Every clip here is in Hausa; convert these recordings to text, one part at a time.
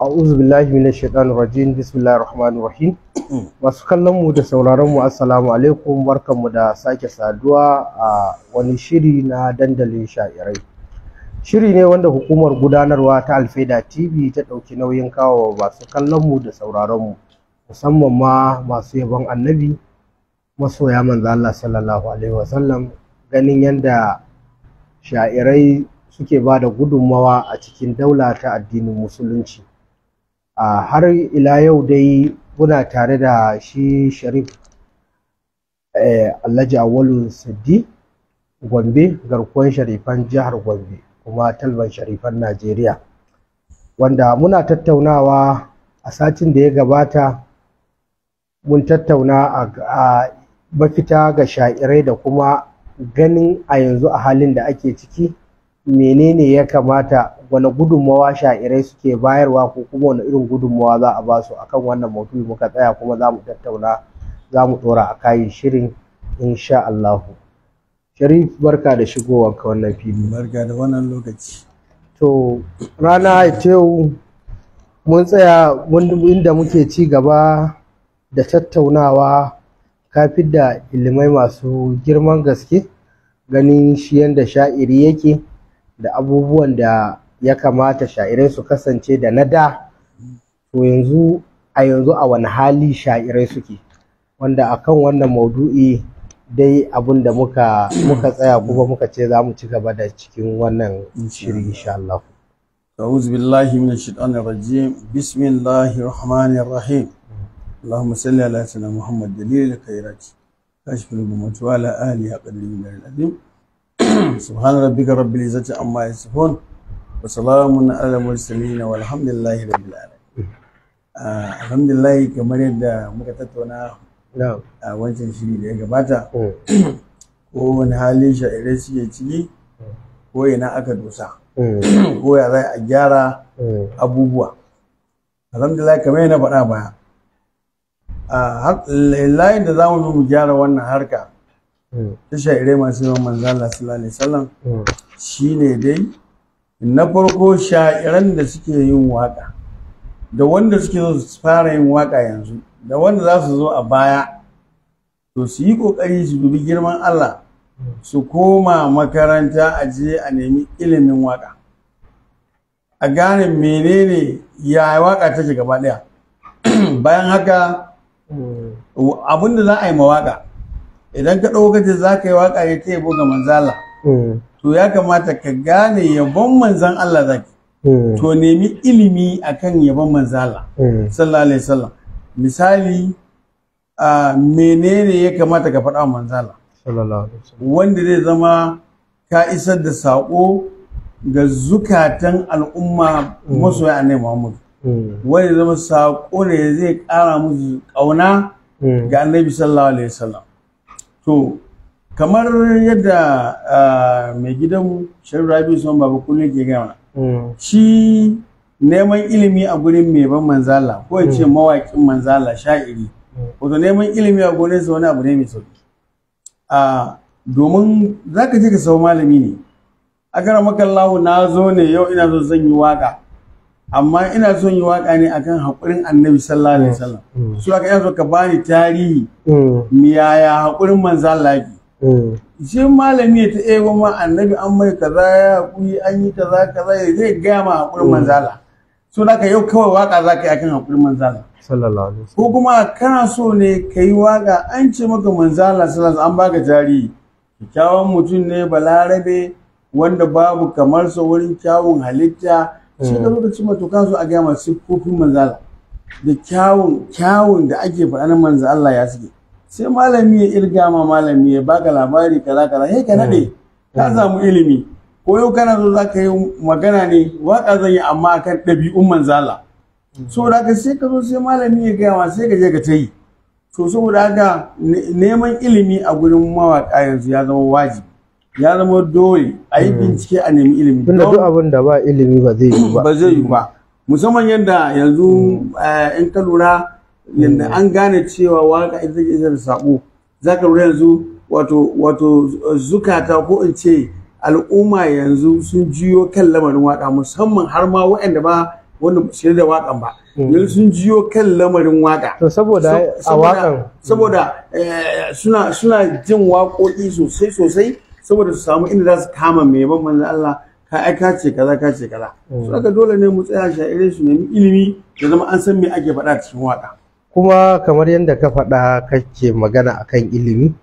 a'udhu billahi minash shaitanir rajim bismillahir rahmanir rahim masu kallon mu da sauraron mu assalamu alaikum barkanmu da sake saduwa a wani shiri na dandalin sha'irai shiri ne wanda hukumar gudanarwa ta alfaida tv ta ɗauki nauyin kawo masu kallon mu da sauraron mu musamman ma masu yabon annabi masoya manzo Allah sallallahu alaihi wasallam ganin yanda sha'irai suke ba da gudunmawa a cikin daula ta addinin musulunci har ila yau dai muna tare da shi sharif eh, alhaji awalun sadi gombe garkuwan sharifan jihar gombe kuma talban sharifan najeriya wanda muna tattaunawa a satin da ya gabata mun tattauna a mafita ga sha'irai da kuma ganin a yanzu a halin da ake ciki menene ya kamata wani gudunmawa sha'irai suke bayarwa ko kuma wani irin gudunmawa za a basu akan wannan maudu'i muka tsaya kuma za mu tattauna za mu ɗora a kayi shirin insha Allah Sharif barka da shigowar ka wannan fili barka da wannan lokaci to rana ta yau mun tsaya inda muke ci gaba da tattaunawa kafin da ilimai masu girman gaske ganin shi yadda sha'iri yake da abubuwan da ya kamata sha'irai su kasance da na da to yanzu a yanzu a wani hali sha'irai suke wanda akan wannan maudu'i dai abin da muka tsaya kuma muka ce za mu ci gaba da cikin wannan shiri insha Allah أعوذ بالله من الشيطان الرجيم بسم الله الرحمن الرحيم اللهم صل على سيدنا محمد دليل الخيرات كاشف da وعلى آله قدر العظيم سبحان ربك رب العزة عما يصفون wasalamun ala wa walhamdulillahi da bilala alhamdulillahi kamar yadda muka tattauna a wancan shiri da ya gabata ko wani halin sha'irai suke ciki ko ina aka dosa ko ya zai a gyara abubuwa alhamdulillah kamar yana faɗa baya layin da za mu zo mu gyara wannan harka ta sha'irai masu yawan manzala sallallahu alaihi wasallam shine dai na farko sha'iran da suke yin waka da wanda suke zo su fara yin waka yanzu da wanda za su zo a baya to su yi ƙoƙari su dubi girman Allah su koma makaranta a je a nemi ilimin waƙa a gane menene ya waƙa shiga gaba bayan haka abin za a yi mawaƙa idan ka ɗauka za ka yi waka ya ta yabo ga manzala mm. to ya kamata ka gane yabon manzan Allah zaki hmm. to nemi ilimi akan yabon manzan Allah hmm. sallallahu alaihi wasallam misali a menene ya kamata ka faɗa manzan Allah sallallahu alaihi wasallam wanda zai zama ka isar da sako ga zukatan al'umma hmm. ya annabi Muhammad wanda zama sako ne zai kara musu kauna. ga annabi sallallahu alaihi wasallam to kamar yadda mai gidan shan rabi son babu kullum ke gama hmm. shi neman ilimi a gurin mai ban manzala ko ya ce hmm. mawaƙin manzala sha'iri hmm. wato neman ilimi a gurin sa wani abu ne mai sauki domin za ka je ka sau malami ne a kara makallahu na zo ne yau ina zo zan yi waƙa amma ina son yi waƙa ne akan haƙurin annabi sallallahu alaihi wasallam so aka yi so ka bani tarihi miyaya haƙurin manzala yake Mm. shi malami ya ta ego ma annabi an mai kaza ya hakuri an yi kaza kaza ya zai gaya ma hakurin mm. manzala so naka yau kawai waka za ka yi akan hakurin manzala ko kuma kana so ne ka yi waka an ce maka manzala sallallahu an baka jari kyawun mutum ne balarabe wanda babu kamar sa wurin kyawun halitta mm. shi da lokacin matukan so a gaya masu kofin manzala da kyawun kyawun da ake faɗa na manzo Allah ya suke sai malami ya irga ma malami ya baka labari kala-kala. kala hey ka nade hmm. ka samu ilimi ko yau kana zo za yi magana ne waka zan yi amma akan ɗabi'un manzala hmm. so da haka sai ka zo sai malami ya gaya ma sai ka je ka ta yi to saboda haka neman ilimi a gurin mawaka yanzu ya zama wajibi ya zama dole a yi hmm. bincike a nemi ilimi tunda duk abin da ba ilimi ba zai yi ba ba zai yi ba musamman yadda yanzu eh, in ka lura yanda mm. an gane cewa waka ita take isar da sako zaka lura yanzu wato wato zukata ko in ce al'umma yanzu sun jiyo kan lamarin waka musamman har ma waɗanda ba wanda shirya da wakan ba mm. yanzu sun jiyo kan lamarin waka to saboda a wakan saboda mm. eh, suna suna jin waƙoƙi sosai sosai saboda su samu inda za su kama mai manzon Allah ka ai ka ce kaza ka ce kaza so dole ne mu tsaya irin su nemi ilimi da zama an san me ake faɗa cikin waka kuma kamar yadda ka faɗa kake magana akan ilimi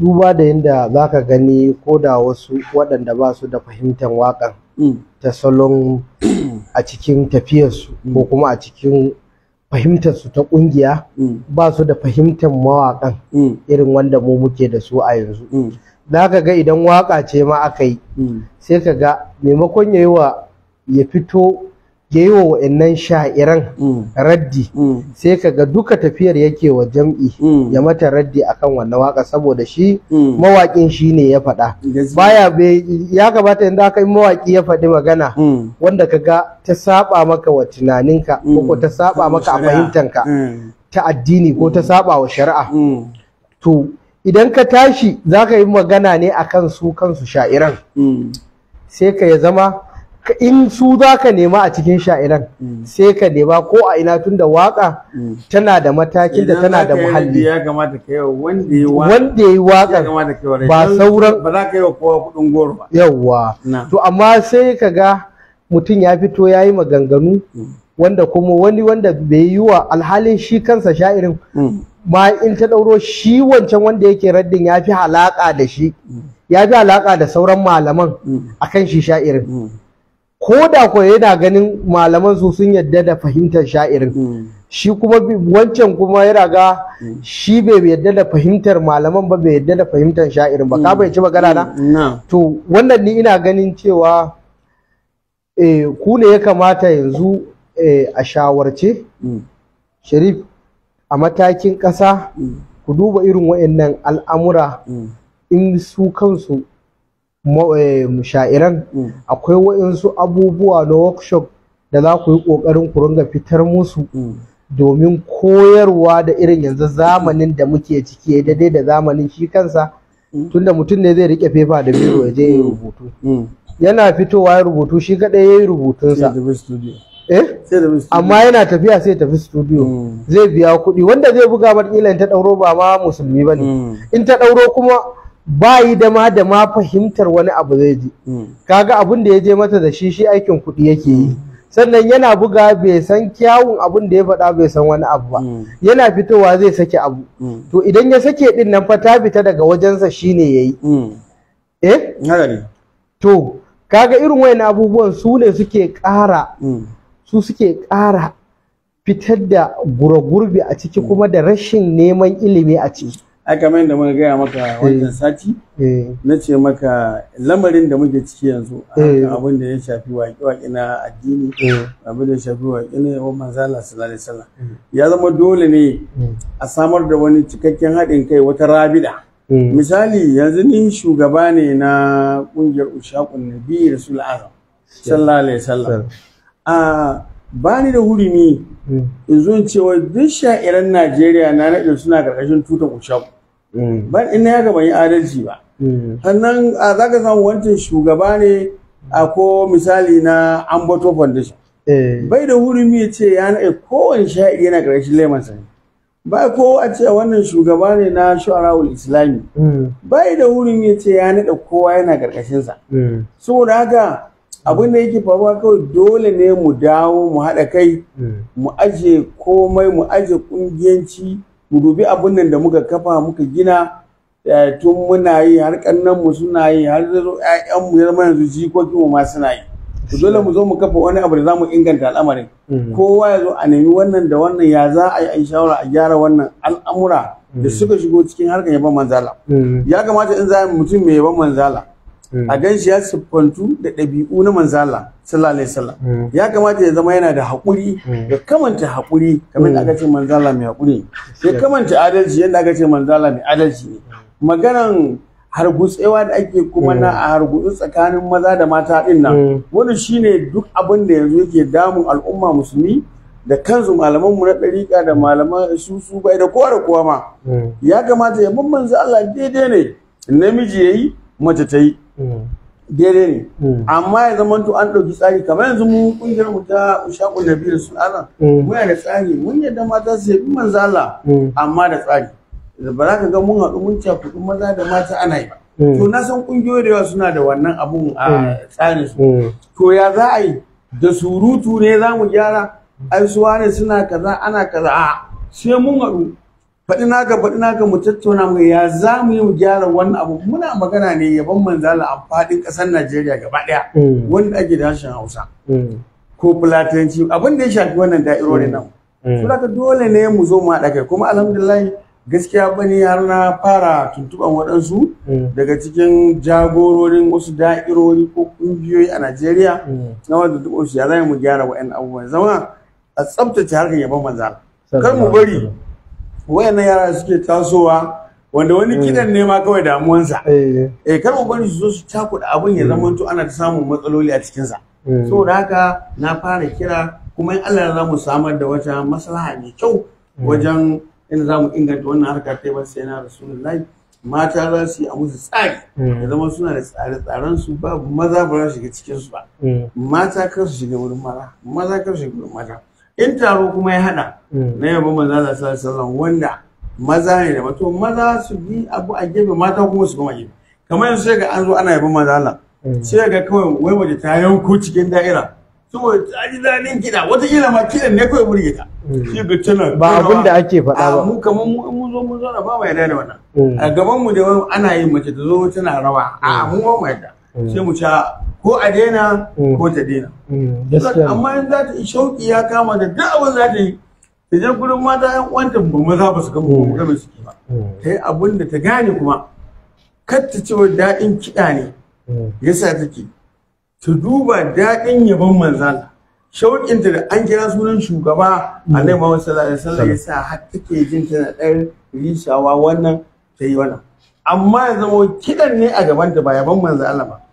duba da yadda za ka gani ko da wasu waɗanda ba su da fahimtar waƙan mm. ta salon a cikin tafiyarsu mm. ko kuma a cikin fahimtarsu ta ƙungiya mm. ba su da fahimtar mawaƙan irin wanda mu muke da su a yanzu za ka ga idan waƙa ce ma aka yi sai ka ga maimakon ya yi wa ya fito ya yi wa wa'annan sha'iran mm. raddi mm. sai ka ga duka tafiyar yake wa jam'i mm. ya mata raddi akan wannan waka saboda shi mawaƙin shi ne ya faɗa baya ya kamata inda aka yi mawaƙi ya faɗi magana wanda ka ga ta saba maka wa tunaninka ko ta saba maka a fahimtanka ta addini ko ta saba wa shari'a to idan ka tashi za ka yi magana ne akan su kansu sha'iran sai ka ya zama in su za ka nema a cikin sha'iran mm. sai ka nema ko a ina tun da waka mm. tana da matakin da tana da muhalli ya kamata ka wanda ya yi waka ba sauran ba za ka wa kowa kudin goro ba yawa to amma sai ka ga mutum ya fito ya yi maganganu mm. wanda kuma wani wanda bai yi wa alhalin shi kansa sha'irin ma in ta ɗauro shi wancan wanda yake raddin ya fi halaƙa da shi ya fi halaƙa da sauran malaman akan shi sha'irin ko da ko yana ganin malaman su sun yadda da fahimtar sha'irin hmm. shi kuma wancan kuma yana ga hmm. shi bai yadda da fahimtar malaman ba bai yadda da fahimtar sha'irin ba ka bai hmm. ci magana na to wannan ni ina ganin cewa eh, ku ne ya kamata yanzu eh, a shawarce sharif a matakin ƙasa ku duba irin wa'annan al'amura in su kansu Eh, musha'iran mm. akwai waɗansu abubuwa na workshop da za ku yi ƙoƙarin ku ringa fitar musu mm. domin koyarwa da irin yanzu zamanin da muke ciki daidai da zamanin shi kansa mm. tunda mutum ne zai rike fefa da biro ya je ya rubutu yana fitowa ya rubutu shi kadai ya yi rubutunsa eh? amma yana tafiya sai tafi studio zai biya kuɗi wanda zai buga in ta ɗauro ba ma musulmi ba ne in ta ɗauro kuma yi da ma da ma fahimtar wani abu zai ji hmm. kaga abin da ya je mata da shi shi aikin kuɗi yake yi sannan yana buga bai san kyawun abin da ya faɗa bai san wani abu ba hmm. yana fitowa zai sake abu hmm. to idan ya sake din nan fa ta fita daga wajensa shine yayi eh to kaga irin wayan abubuwan su ne suke ƙara su suke ƙara fitar da gurgurbi a ciki kuma da rashin neman ilimi a ciki ai kamar yadda muka gaya maka eh. wannan sati eh. na ce maka lamarin da muke ciki yanzu eh. abin da ya shafi waƙe-waƙe na addini abin da ya shafi waƙe na yawon manzala sallallahu alaihi hmm. ya zama dole ne hmm. a samar da wani cikakken haɗin kai wata rabida hmm. misali yanzu ni shugaba ne na ƙungiyar Ushakun nabi rasul azam sallallahu alaihi wasallam a ba ni da hurumi in zo in ce duk sha'irar Najeriya na naɗe suna ƙarƙashin tutar ushaku Mm. ban in ya gaba yi adalci ba mm. sannan za ka samu wancan shugaba ne a ko misali na ambato foundation eh. bai da hurumi ya ce ya naɗe kowane sha'i yana karshen ba ko a ce wannan shugaba ne na shu'ara'ul islami mm. bai da hurumi ya ce ya kowa yana ƙarƙashinsa saboda haka abin da yake faruwa kawai dole ne mu dawo mu haɗa kai mu aje komai mu aje ƙungiyanci mu dubi abin nan da muka kafa muka gina eh, tun muna yi har kannan mu suna yi har zo ƴaƴan mu zama yanzu jikoki mu ma suna yi to dole mu zo mu kafa wani abu da zamu inganta al'amarin mm. kowa ya zo a nemi wannan da wannan ya za a yi shawara a gyara wannan al'amura da mm. suka shigo cikin harkar yaban manzala mm. ya kamata in za mutum mai yaban manzala Eh. a gan shi ya siffantu da ɗabi'u na manzala sallallahu alaihi wasallam eh. ya kamata ya zama yana da haƙuri eh. ya kamanta haƙuri kamar da aka ce manzala mai haƙuri ya kamanta adalci yadda aka ce manzala mai adalci maganan hargutsewa da ake kuma na a hargutsu tsakanin maza da mata din nan wani shine duk abin da yanzu yake damun al'umma musulmi da kansu malaman mu na ɗariƙa da malaman su su bai da kowa da kowa ma ya kamata ya manzo Allah daidai ne namiji yayi mace ta yi daidai ne hmm. amma ya zama to an ɗauki tsari kamar yanzu mu kungiyar mu ta biyu su da mu hmm. muna da tsari mun yadda mata su yabi manzala hmm. amma da tsari ba za ka ga mun haɗu mun kuɗin maza da mata ana yi to na san kungiyoyi da yawa suna da wannan abun a tsarin su to ya za a yi da surutu ne za mu gyara ai su wane suna kaza ana kaza a sai mun haɗu faɗi naka faɗi naka mu tattauna mu ya za mu yi mu gyara wannan abu muna magana ne yaban manzala a faɗin ƙasar Najeriya gaba ɗaya mm. wanda ake da harshen Hausa mm. ko Fulatanci abin da ya shafi wannan da'irori nan mm. saboda dole ne mu zo mu haɗa kai kuma alhamdulillah gaskiya bane har na fara tuntuɓan waɗansu daga cikin jagororin wasu da'irori ko ƙungiyoyi a Najeriya na wanda duk ya za mu gyara wa'annan abubuwan zama a tsabtace harkar yaban manzala kar mu bari wayannan yara suke tasowa wanda wani eh. kidan ne ma kawai damuwansa eh, eh kar ku bari su zo su cakuɗa abin ya eh. zama to ana samun matsaloli a cikinsa saboda haka na fara kira kuma in Allah ya mu samar da wata maslaha mai kyau wajen inda za mu inganta wannan harka ta ba sai na rasulullahi mata za su yi a musu tsari ya zama suna da tsare-tsaren su babu maza ba za su shiga cikin su ba mata kar su shiga wurin maza maza kar su shiga wurin mata in taro kuma ya hada hmm. na yabo da sallallahu wanda maza ne da mato maza su bi abu a gefe mata kuma su koma gefe kamar yanzu sai ga an zo ana yabon Allah hmm. sai ga kawai wai waje ta yanko cikin da'ira saboda ta ji daɗin wata wataƙila ma kidan ne kawai burge ta hmm. shi ga tana ba abin da ake faɗa ba mu kamar mu mun zo mun zauna ba mu yarda da wannan a gaban mu da ana yin mace ta zo tana rawa a mu ba mu Mm. sai mu ca ah, ko a daina mm. ko ta daina mm. amma in za ta yi shauƙi ya kama da duk abin za ta yi ta je gurin mata yan uwanta ba maza ba su gama ba gama suke ba ta yi abin da ta gane kuma kar ta ce daɗin kiɗa ne yasa take ta duba daɗin yabon manzala shauƙinta da an kira sunan shugaba annabi Muhammad sallallahu alaihi ya sa har take jin tana ɗan rishawa wannan ta yi wannan amma ya zama kiɗan ne a gabanta ba yabon manzala ba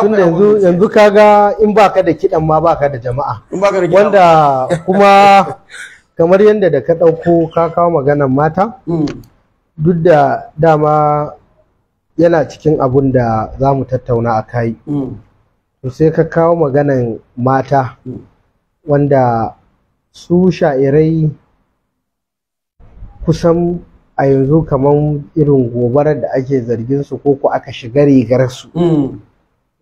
tunda yanzu yanzu kaga in baka da kidan ma baka da jama'a wanda kuma kamar yadda da ka ɗauko ka kawo maganan mata hmm. duk da dama yana cikin abun da za mu tattauna a kai hmm. to sai ka kawo maganan mata hmm. wanda su sha'irai kusan a yanzu kamar irin gobarar da ake zargin su ko ko aka shiga rigar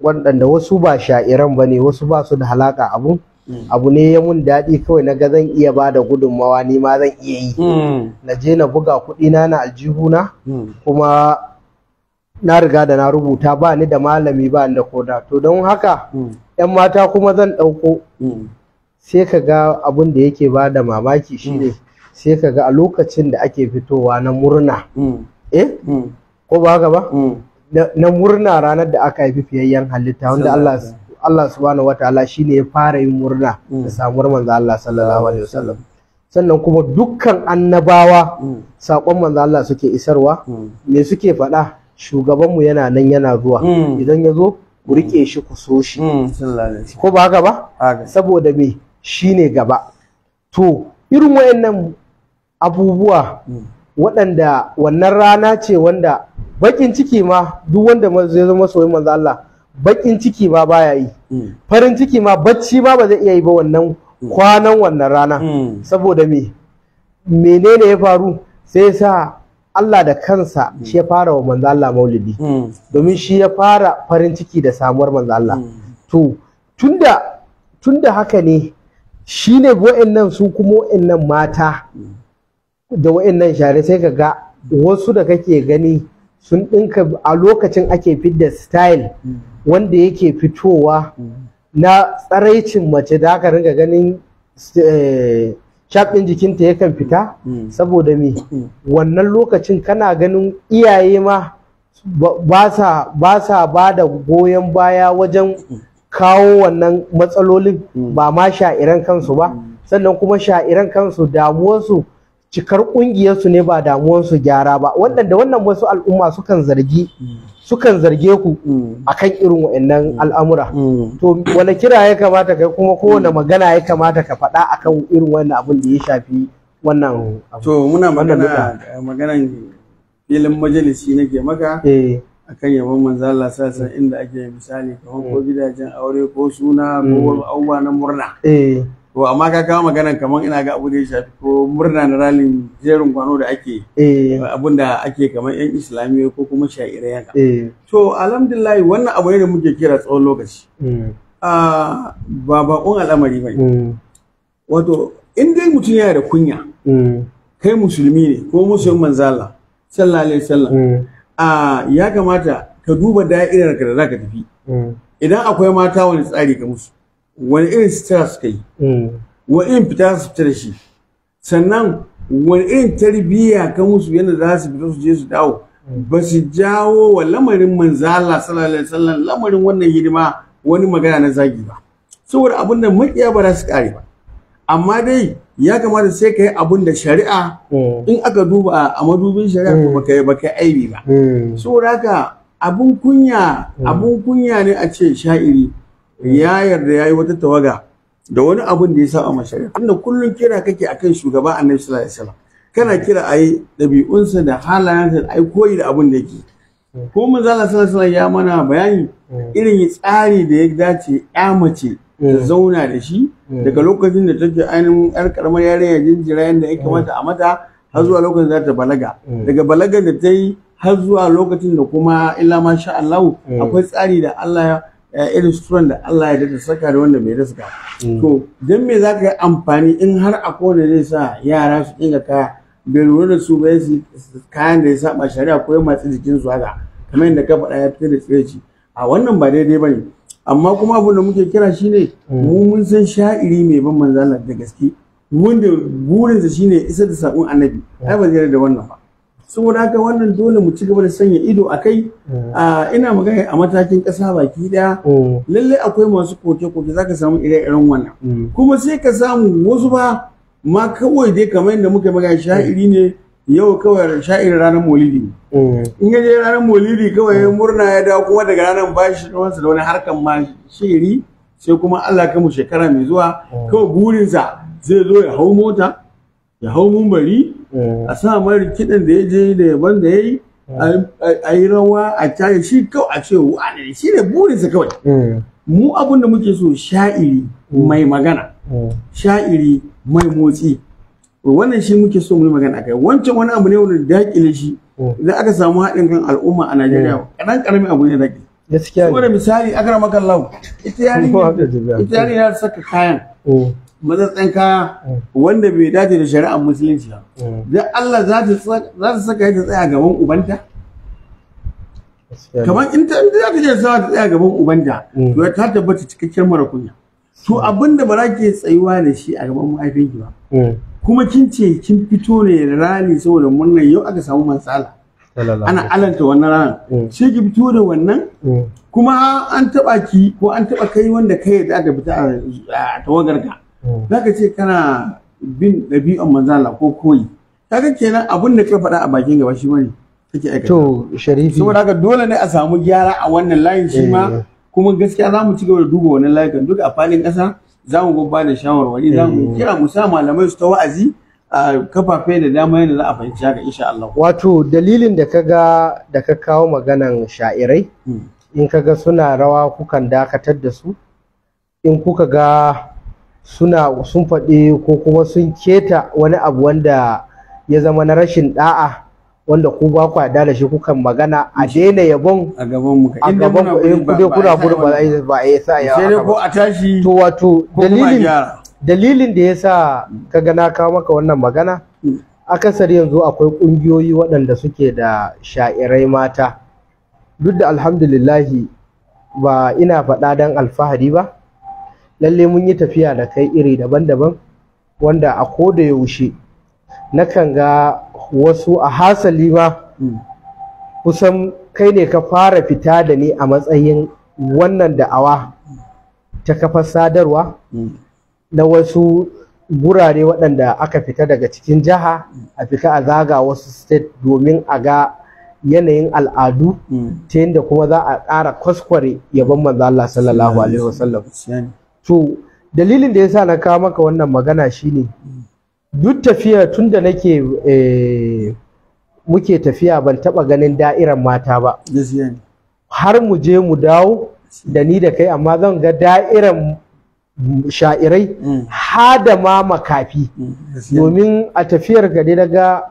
waɗanda wasu ba sha'iran ba ne wasu ba su da halaka abu hmm. abu ne ya mun daɗi kawai na ga zan iya ba da gudunmawa ni ma zan iya yi hmm. na je na buga kuɗi na na aljihuna hmm. kuma na riga da na rubuta ba ni da malami ba ni da koda to don haka yan mata kuma zan ɗauko sai ka ga abin da yake ba da mamaki shine sai ka ga a lokacin da ake fitowa na murna eh ko ba haka ba na murna ranar da aka haifi fiyayyen halitta wanda Allah Allah subhanahu wataala shine ya fara yin murna da mm. samuwar manzo Allah sallallahu alaihi wasallam sannan kuma dukkan annabawa mm. sakon manzo Allah suke isarwa mm. me suke faɗa shugabanmu yana nan yana zuwa idan ya zo ku rike shi ku so shi ko ba haka ba saboda me shine gaba to irin wayannan abubuwa waɗanda wannan rana ce wanda bakin ciki ma duk wanda zai zama soyayyen manzo Allah bakin ciki ma baya yi hmm. farin ciki ma bacci ma ba zai iya yi ba wannan hmm. kwanan wannan rana hmm. saboda me menene ya faru sai sa Allah da kansa shi ya fara wa manzo Allah maulidi domin shi ya fara farin ciki da samuwar manzo Allah to tunda tunda haka ne shine wa'annan su kuma wa'annan mata da wa'annan share sai ka ga wasu da kake gani sun ɗinka a lokacin ake fidda style wanda yake fitowa na tsaraicin mace da aka ringa ganin eh, shaɓin jikinta yakan fita saboda me wannan lokacin kana ganin iyaye ma ba sa ba da goyon baya wajen kawo wannan matsalolin ba ma sha'iran kansu ba sannan kuma sha'iran kansu damuwarsu cikar ƙungiyarsu ne ba damuwarsu gyara ba wannan da wannan wasu al'umma sukan zargi sukan zarge ku mm. akan irin wa'annan mm. al'amura mm. to wani kira ya kamata kai kuma kowane magana ya kamata ka faɗa akan irin wannan abin da ya shafi wannan to muna magana maganan filin majalisi nake maka eh. akan yabon manzo Allah sassan inda ake misali kamar ko gidajen aure ko suna ko abubuwa na murna eh. to amma ka kawo maganan kamar ina ga abu da ya shafi ko murna na ralin jerin kwano da ake eh. abun da ake kamar yan islamiyoyi ko kuma sha'irai haka eh. to alhamdulillah wannan abu ne da muke kira tsawon lokaci hmm. ah, ba al'amari ba hmm. wato in dai mutum yana da kunya hmm. kai musulmi ne ko musulmin manzala sallallahu alaihi wasallam ah, ya kamata ka duba da'irar ka da zaka tafi idan akwai mata wani tsari ka musu wani irin sutura suka yi mm. wani irin fita su fita da shi sannan wani irin tarbiyya ka musu yadda za su fita su je su dawo mm. ba su jawo wa lamarin manzala sallallahu alaihi wasallam lamarin wannan hidima wani magana na zagi ba saboda abin da makiya ba za su kare ba amma dai ya kamata sai ka yi abin da shari'a mm. in aka duba a madubin shari'a ba ka aibi ba saboda haka abin kunya abun kunya ne a ce sha'iri ya yarda yayi wata tawaga da wani abun da ya sa a mashari tunda kullum kira kake akan shugaba annabi sallallahu alaihi kana kira ayi dabi'unsa da halayensa ai koyi da abun da yake ko mun Allah sallallahu ya mana bayani irin tsari da ya dace ya mace ta mm. zauna da shi mm. daga lokacin da take ainihin yar karamar yarinya jinjira yadda ya mm. kamata a mata har zuwa lokacin da ta balaga daga balagar da ta yi har zuwa lokacin da kuma illa masha Allah akwai tsari da Allah ya irin suturan da Allah ya dada saka da wanda bai dasa saka mm. to don me ka yi amfani in har a kowane zai sa yara su dinga kaya bai lura da su ba su kayan da ya saba shari'a ko ya matsi jikin su haka kamar yadda ka faɗa ya fitar da tsiraci a wannan ba daidai ba ne amma kuma abu da muke kira shine mm. mu mun san sha'iri mai ban manzana da gaske wanda burinsa ne isa da saƙon annabi ai ba zai da wannan ba saboda haka wannan dole mu ci gaba da sanya ido a kai mm. ina magana a matakin kasa baki daya oh. lallai akwai masu koke-koke zaka samu ire-iren wannan mm. kuma sai ka samu wasu ba ma kawai dai kamar yadda muka magana sha'iri ne yau kawai sha'irin ranar molidi mm. in ya je ranar molidi kawai murna ya dawo kuma daga ranar ba shi da wani harkan ma shiri sai kuma Allah mu shekara mai zuwa kawai burinsa zai zo ya hau mota ya hau mumbari Eh. a sa mai kiɗan da ya je da yaban da ya eh. yi a yi rawa a tayi shi kawai a ce ne shi ne burinsa kawai eh. mu abin da muke so sha'iri mai magana sha'iri mai motsi wannan shi muke so mai magana kai wancan wani abu ne wani dakile shi idan aka samu haɗin kan al'umma a Najeriya kanan karamin abu ne dakile gaskiya da misali akramaka Allah ita yari ita yari ya saka kayan matsatsen kaya wanda bai dace da shari'ar musulunci ba hmm. da Allah za ta saka ta tsaya gaban ubanta kamar in ta za ta je ta tsaya gaban ubanta hmm. to ta tabbata cikakken mara kunya to hmm. abinda ba za ke tsayuwa da shi a gaban mahaifinki ba kuma kin ce kin fito ne da rani saboda murnar yau aka samu matsala ana alanta wannan ranar sai ki fito da wannan kuma an taba ki ko an taba kai wanda kai da ta fita a tawagarka zaka ce kana bin ɗabi'an manzala ko koyi kaga kenan abin da ka faɗa a bakin gaba shi bane kake aikata to sharifi saboda haka dole ne a samu gyara a wannan layin shi ma eh. kuma gaskiya za ci gaba da duba wannan layukan duk a falin kasa za mu gobba da shawarwari za mu eh. kira mu sa malamai su ta wa'azi a kafafe da dama yadda za a fahimci haka insha Allah wato dalilin da ka ga da ka kawo maganan sha'irai hmm. in ka ga suna rawa kukan dakatar da su in kuka ga suna sun faɗi ko kuma sun keta wani abu wanda ya zama na rashin da'a wanda ku ba ku da shi kukan magana a daina yabon a gaban mu a gaban ku in kuna gudu ba za ba a yasa ya sai ko a tashi to wato dalilin dalilin da yasa ka gana na kawo maka wannan magana mm. akasar yanzu akwai kungiyoyi waɗanda suke da sha'irai mata duk da alhamdulillah ba ina faɗa dan alfahari ba lalle mun yi tafiya da kai iri daban-daban wanda a ko koda yaushe nakan ga wasu a hasali ma kusan kai ne ka fara fita da ni a matsayin wannan da'awa ta kafar sadarwa na wasu gurare waɗanda aka fita daga cikin jiha a fita a zaga wasu state domin a ga yanayin al'adu mm. ta yadda kuma za a ƙara kwaskware yabon manzo sallallahu alaihi wasallam to dalilin da ya sa na kawo maka wannan magana shine duk tafiya tun da nake eh, muke tafiya ban taba ganin da'iran mata ba har mu je mu dawo da ni da kai amma zan ga da'iran sha'irai mm. hada ma makafi mm, domin a tafiyar gari daga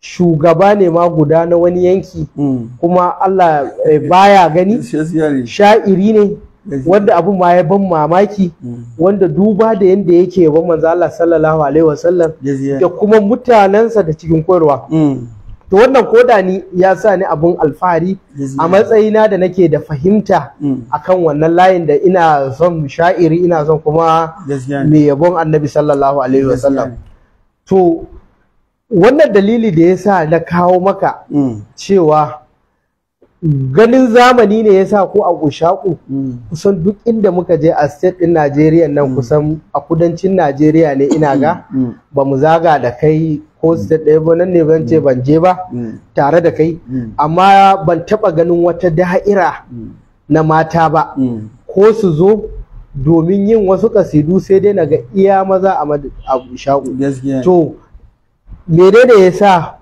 shugaba ne ma guda na wani yanki mm. kuma Allah eh, baya gani sha'iri ne wanda abun ma ya ban mamaki wanda duba da yanda yake ban manzo Allah sallallahu alaihi wasallam da kuma mutanensa da cikin koyarwa mm. to wannan koda ni ya sa ni abun alfahari a matsayina da nake da fahimta mm. akan wannan layin da ina son sha'iri ina son kuma me yabon annabi sallallahu alaihi wasallam to wannan dalili da ya sa na kawo maka mm. cewa ganin zamani ne yasa ko a ushaku mm. kusan duk inda muka je a state din Najeriya nan mm. kusan a kudancin Najeriya ne ina ga mm. ba mu zaga da kai ko state ɗaya ba nan ne ban ce ban je ba tare da kai amma ban taɓa ganin wata da'ira na mata ba ko su zo domin yin wasu kasidu sai dai naga iya maza a ushaku. to menene yasa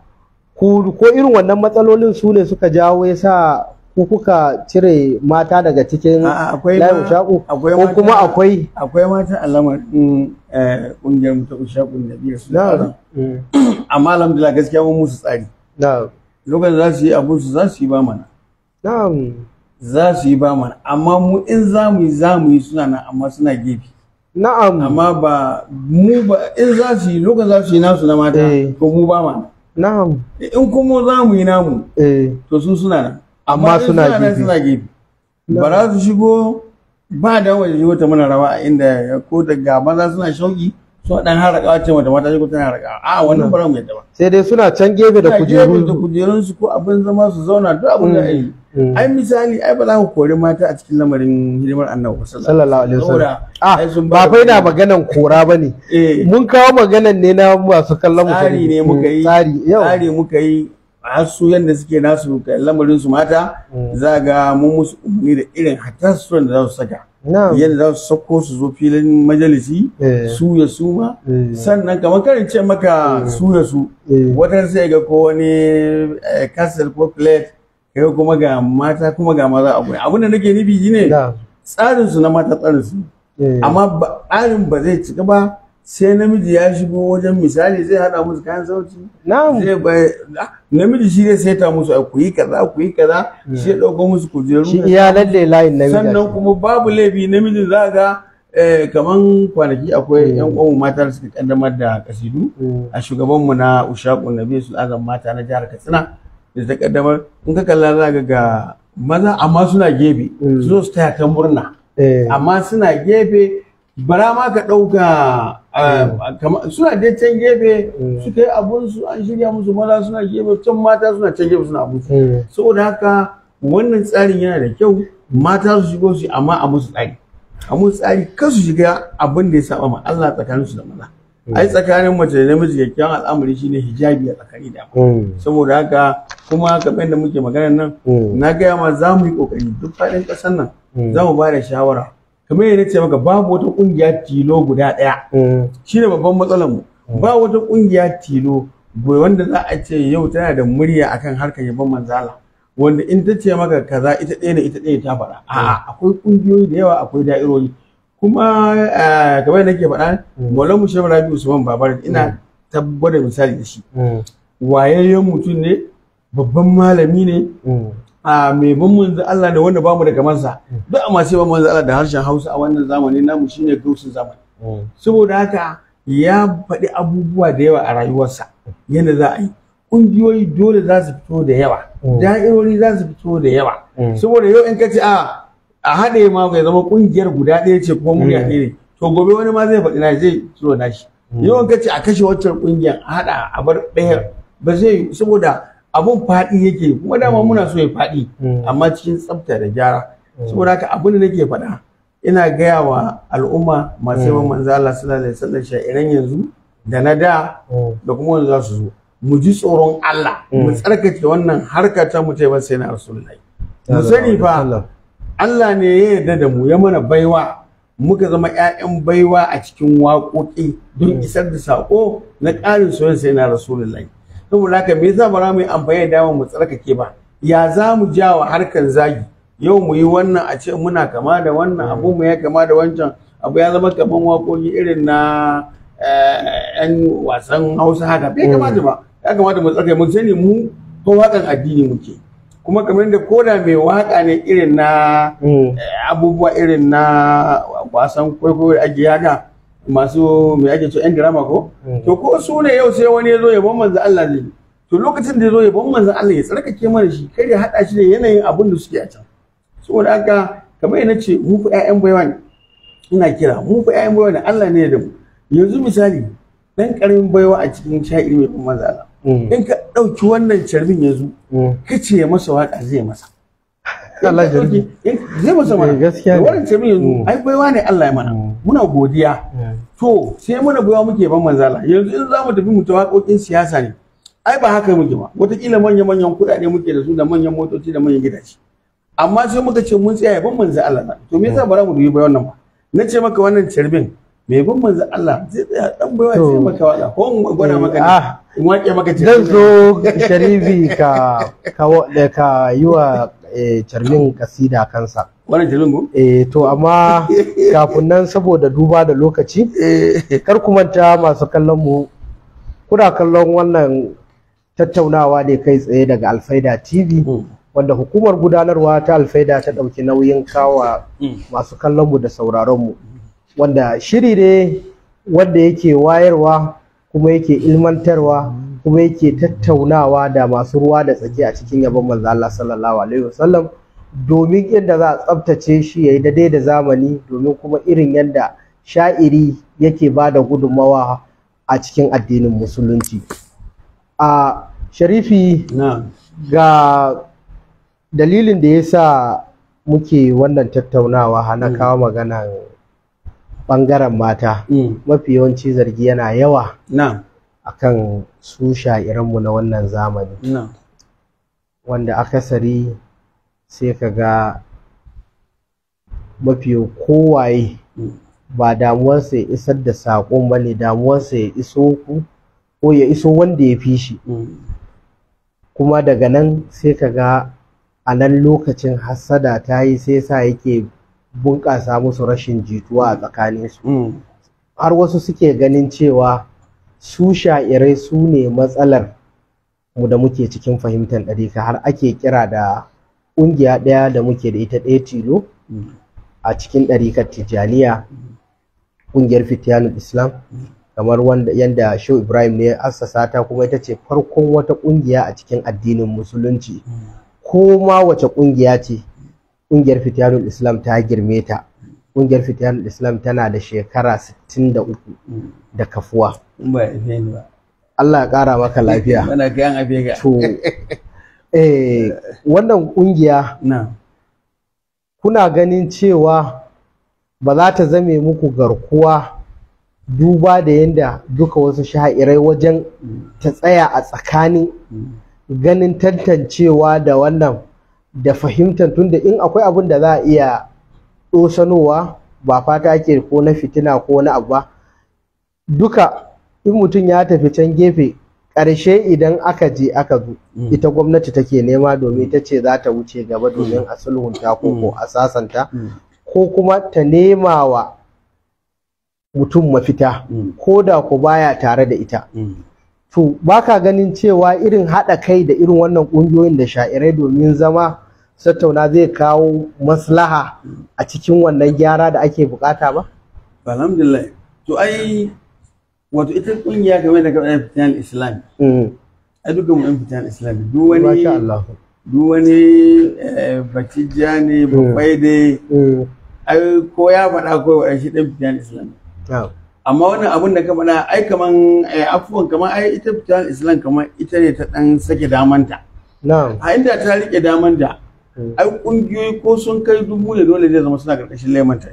ko irin wannan matsalolin su ne suka jawo ya sa ko kuka cire mata daga cikin layin ushaku ko kuma akwai akwai mata alamar din eh, ƙungiyar mu ta ushaku da biyar su amma alhamdulillah gaskiya mun musu tsari lokacin za su yi abun su za su yi ba mana za su yi ba mana amma mu in za mu yi za mu yi suna nan amma suna gefe na'am amma ba mu ba in za su yi lokacin za su yi nasu na mata ko eh. mu ba mana na'am in kuma za mu yi namu eh. to su suna nan amma suna gefe suna gefe ba za su shigo ba da waje shigo ta mana rawa a inda ko da ga maza suna shauki su dan harakawa ce mata mata shigo tana harakawa a wannan ba mu yadda ba sai dai suna can gefe da kujerun su ko abin zama su zauna duk abin da mm. yi Mm. ai misali ai ba za ku kori mata a cikin lamarin hidimar annabi sallallahu alaihi wasallam ah, ba fa ina maganan kora bane eh. mun kawo maganan ne na masu kallon mu tsari ne muka yi tsari muka yi har su yadda suke nasu lamarin su mata mm. za ga mun musu umarni da irin hatta su da za su saka yadda za su sako su zo filin majalisi eh. su ya su ma eh. sannan kamar karin ce maka su ya su wata sai ga ko wani castle ko plate yau kuma ga mata kuma ga maza abu abu da nake nufi shine tsarin su na mata tsarin su eh. amma tsarin ba zai cika ba sai namiji ya shigo wajen misali zai hada musu kayan sauti zai bai ah, namiji shi zai saita musu ku yi kaza ku yi kaza eh. shi ya dauko musu kujeru shi iya lalle layin namiji sannan kuma babu laifi namiji za ga eh, kaman kwanaki akwai yan uwan mata da suka kaddamar da kasidu a shugabanmu na ushaku nabi su azan mata na jihar katsina da ta kaddamar in ka kalla za ga ga maza amma suna gefe mm. eh. um, mm. mm. su zo su taya ta murna amma suna gefe bara ma ka ɗauka suna dai can gefe su kai su an shirya musu maza suna gefe can mata suna can gefe suna abun su saboda haka wannan tsarin yana da kyau mata su shigo su amma a musu tsari a musu tsari kar su shiga abin da ya saba ma Allah tsakaninsu da maza ai tsakanin mace da namiji kyakkyawan al'amari shine hijabi a tsakani da mm. saboda haka kuma kamar da muke magana nan mm. na gaya ma za mu yi kokari duk faɗin ƙasar nan mm. za mu ba da shawara kamar yadda ce maka babu wata ƙungiya tilo guda ɗaya shine babban matsalar mu ba wata ƙungiya tilo wanda za a ce yau tana da murya akan harkar yabon manzala wanda in ta ce maka kaza ita ɗaya ne ita ɗaya ta faɗa a'a akwai ƙungiyoyi da yawa akwai da'irori kuma eh, kamar nake faɗa mu shehu Rabi Usman Babar ina mm. tabbata misali da shi mm. wayayyen mutum ne babban malami ne mm. a mai ban manzo Allah da wanda bamu da sa duk amma sai ban manzo Allah da harshen Hausa a wannan zamani namu shine gausun zamani saboda haka ya faɗi abubuwa da yawa a rayuwarsa yadda za a yi ƙungiyoyi dole za su fito da yawa da'irori za su fito da yawa saboda yau in ka ce a ah, a haɗe ma ya zama ƙungiyar guda ɗaya ce kuma mun yaɗe ne to gobe wani ma zai faɗi na zai tsoro na shi hmm. yawan kace a kashe waccan ƙungiyar a haɗa a bar ɗaya ba zai saboda abun faɗi yake kuma dama muna so ya faɗi hmm. amma cikin tsafta da gyara hmm. saboda haka abin da nake faɗa ina gaya wa al'umma masu yawan manzo Allah sallallahu alaihi wasallam sha'iran yanzu da na da da kuma wanda za su zo mu ji tsoron Allah mu tsarkake wannan harkar ta mu ta yi sai na rasulullahi mu sani fa Allah ne ya yarda da mu ya mana baiwa muka zama 'ya'yan baiwa a cikin waƙoƙi don isar da saƙo na ƙarin soyayya sai na rasulullahi saboda haka me yasa ba mu yi amfani da dama mu tsarkake ba ya za mu wa harkan zagi yau mu yi wannan a ce muna kama da wannan mm. abu mu ya kama da wancan abu ya zama kaman waƙoƙi irin na yan eh, wasan hausa haka bai mm. kamata ba ya kamata mu tsarkake mu sani mu ko waƙan addini muke kuma kamar da koda mai waka ne irin na hmm. eh, abubuwa irin na wasan kwaikwayo da ake yaga masu mai ake so yan drama ko hmm. to ko su ne yau sai wani ya zo yabon za Allah ne to lokacin da ya zo yabon za Allah ya tsarkake mana shi kar ya hada shi da yanayin abin da suke a can saboda haka kamar yana ce mu fa ƴaƴan baiwa ne ina kira mu fa ƴaƴan baiwa ne Allah ne ya yanzu misali dan karamin baiwa a cikin sha'iri mai manzo Allah hmm. in ka ɗauki wannan carbin yanzu eh. ya masa waka zai masa Allah ya jirgi eh, zai masa mana eh, gaskiya wannan carbin yanzu ai baiwa ne Allah ya mana muna godiya to sai muna baiwa muke ban manzala yanzu in za mu tafi mu ta waƙoƙin siyasa ne ai ba haka muke ba wataƙila manya manyan kuɗaɗe muke da su da manyan motoci da manyan gidaje amma sai muka ce mun tsaya ban manzala Allah to me yasa ba za mu dubi wannan ba na ce maka wannan carbin me ban manzo Allah zai tsaya dan baiwa maka ko in gwada maka ne eh, ah. in wake maka ce dan zo sharifi ka ka ka yi wa eh, charmin kasida kansa wannan eh to amma kafin nan saboda duba da lokaci eh. kar ku manta masu kallon mu kuna kallon wannan tattaunawa ne kai tsaye daga Alfaida TV hmm. wanda hukumar gudanarwa ta Alfaida ta ɗauki nauyin kawa hmm. masu kallon mu da sauraron mu wanda shiri ne wanda yake wayarwa kuma yake ilmantarwa kuma yake tattaunawa da masu ruwa da tsaki a cikin yabon manzo Allah sallallahu alaihi wasallam domin yadda za a tsaftace shi yayi daidai da zamani domin kuma irin yadda sha'iri yake ba da gudunmawa a cikin addinin musulunci a sharifi ga dalilin da ya sa muke wannan tattaunawa na kawo magana bangaren mata mm. mafi yawanci zargi yana yawa a kan su sha'iranmu na wannan zamani wanda akasari sai ka ga mafi kowaye mm. ba damuwarsa ya isar da saƙon ba ne damuwarsa ya iso ku ko ya iso wanda ya fi shi mm. kuma daga nan sai ka ga a nan lokacin hassada ta yi sai sa yake bunƙasa musu rashin jituwa a tsakanin su mm. har wasu suke ganin cewa su sha'irai su ne matsalar mu da muke cikin fahimtar ɗarika har ake kira da ƙungiya ɗaya da muke da ita ɗaya tilo mm. a cikin ɗarikar tijjaniya ƙungiyar fitiyanul islam kamar wanda yanda Shehu Ibrahim ne assasa ta kuma ita ce farkon wata ƙungiya a cikin addinin musulunci mm. ko ma wace ƙungiya ce ƙungiyar fitiyanul islam ta girme ta ƙungiyar fitiyanul islam tana da shekara 63 da kafuwa Allah ya ƙara maka lafiya eh, wannan ƙungiya kuna ganin cewa ba za ta zame muku garkuwa duba da yadda duka wasu sha'irai wajen ta tsaya a tsakanin mm. ganin tantancewa da wannan da fahimtar tunda in akwai abin da za a iya ɗosanowa ba fata ake ko na fitina ko na abu ba duka in mutum ya tafi can gefe ƙarshe idan aka je aka zo mm. ita gwamnati take nema domin ita ce za ta wuce gaba domin a sulhunta ko mm. ko a sasanta mm. ko kuma ta nema wa mutum mafita ko da ku baya tare da ita to ba ka ganin cewa irin haɗa kai da irin wannan ƙungiyoyin da sha'irai domin zama sattauna zai kawo maslaha a cikin wannan gyara da ake bukata ba? alhamdulillah to ai wato ita ƙungiya game da gaba yan fitan islam mm-hmm. ai dukkan mu fitan islam duk wani duk wani batijja ne babbai dai ai ko ya faɗa ko ya shi dan fitan islam amma wannan abun da ka faɗa ai kaman eh, afuwan kaman ai ita fita islam kaman ita ne ta dan sake damanta na'am a inda ta rike damanta mm. ai kungiyoyi ko sun kai dubu ne dole zai zama suna karkashin ta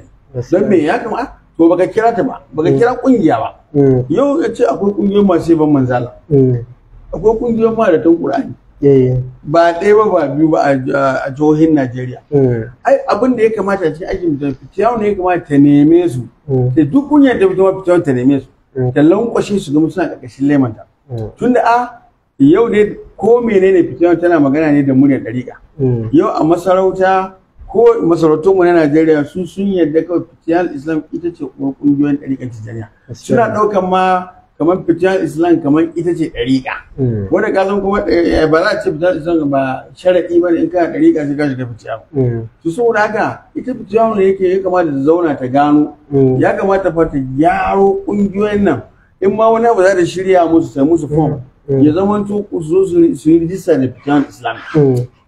don me ya kama ah, to baka kira ta ba baka mm. kira kungiya ba mm. yau ka ce akwai kungiyoyi masu ban manzala akwai kungiyoyi ma da ta qur'ani Eh. ba ɗaya ba ba biyu ba a jihohin Najeriya. Eh. abinda abin da ya kamata a cikin aikin fitan fitiyawa ne ya kamata ta neme su. Ta eh. duk kunyar da fitawa fitiyawa ta neme su. Ta lankwashe su ga suna ƙarƙashin lemanta. da a yau ne ko menene fitiyawa tana magana ne da muryar ɗariƙa. Yau a masarauta ko masarautun mu na Najeriya sun sun yarda kawai fitiyar Islam ita ce kuma ƙungiyoyin ɗariƙar Tijjaniya. Suna ɗaukan ma kamar fitar islam kamar ita ce ɗariƙa hmm. wanda ka san kuma eh, ba za a ce fitar islam ba sharaɗi ba ne in ka ɗariƙa sai ka shiga Su hmm. to da haka ita fitiyahu ne yake ya kamata ta zauna ta gano hmm. ya kamata fa gyaro ƙungiyoyin nan in ma wani abu za ta shirya musu ta musu fom ya zama su zo su yi rijista da fitiyahu islam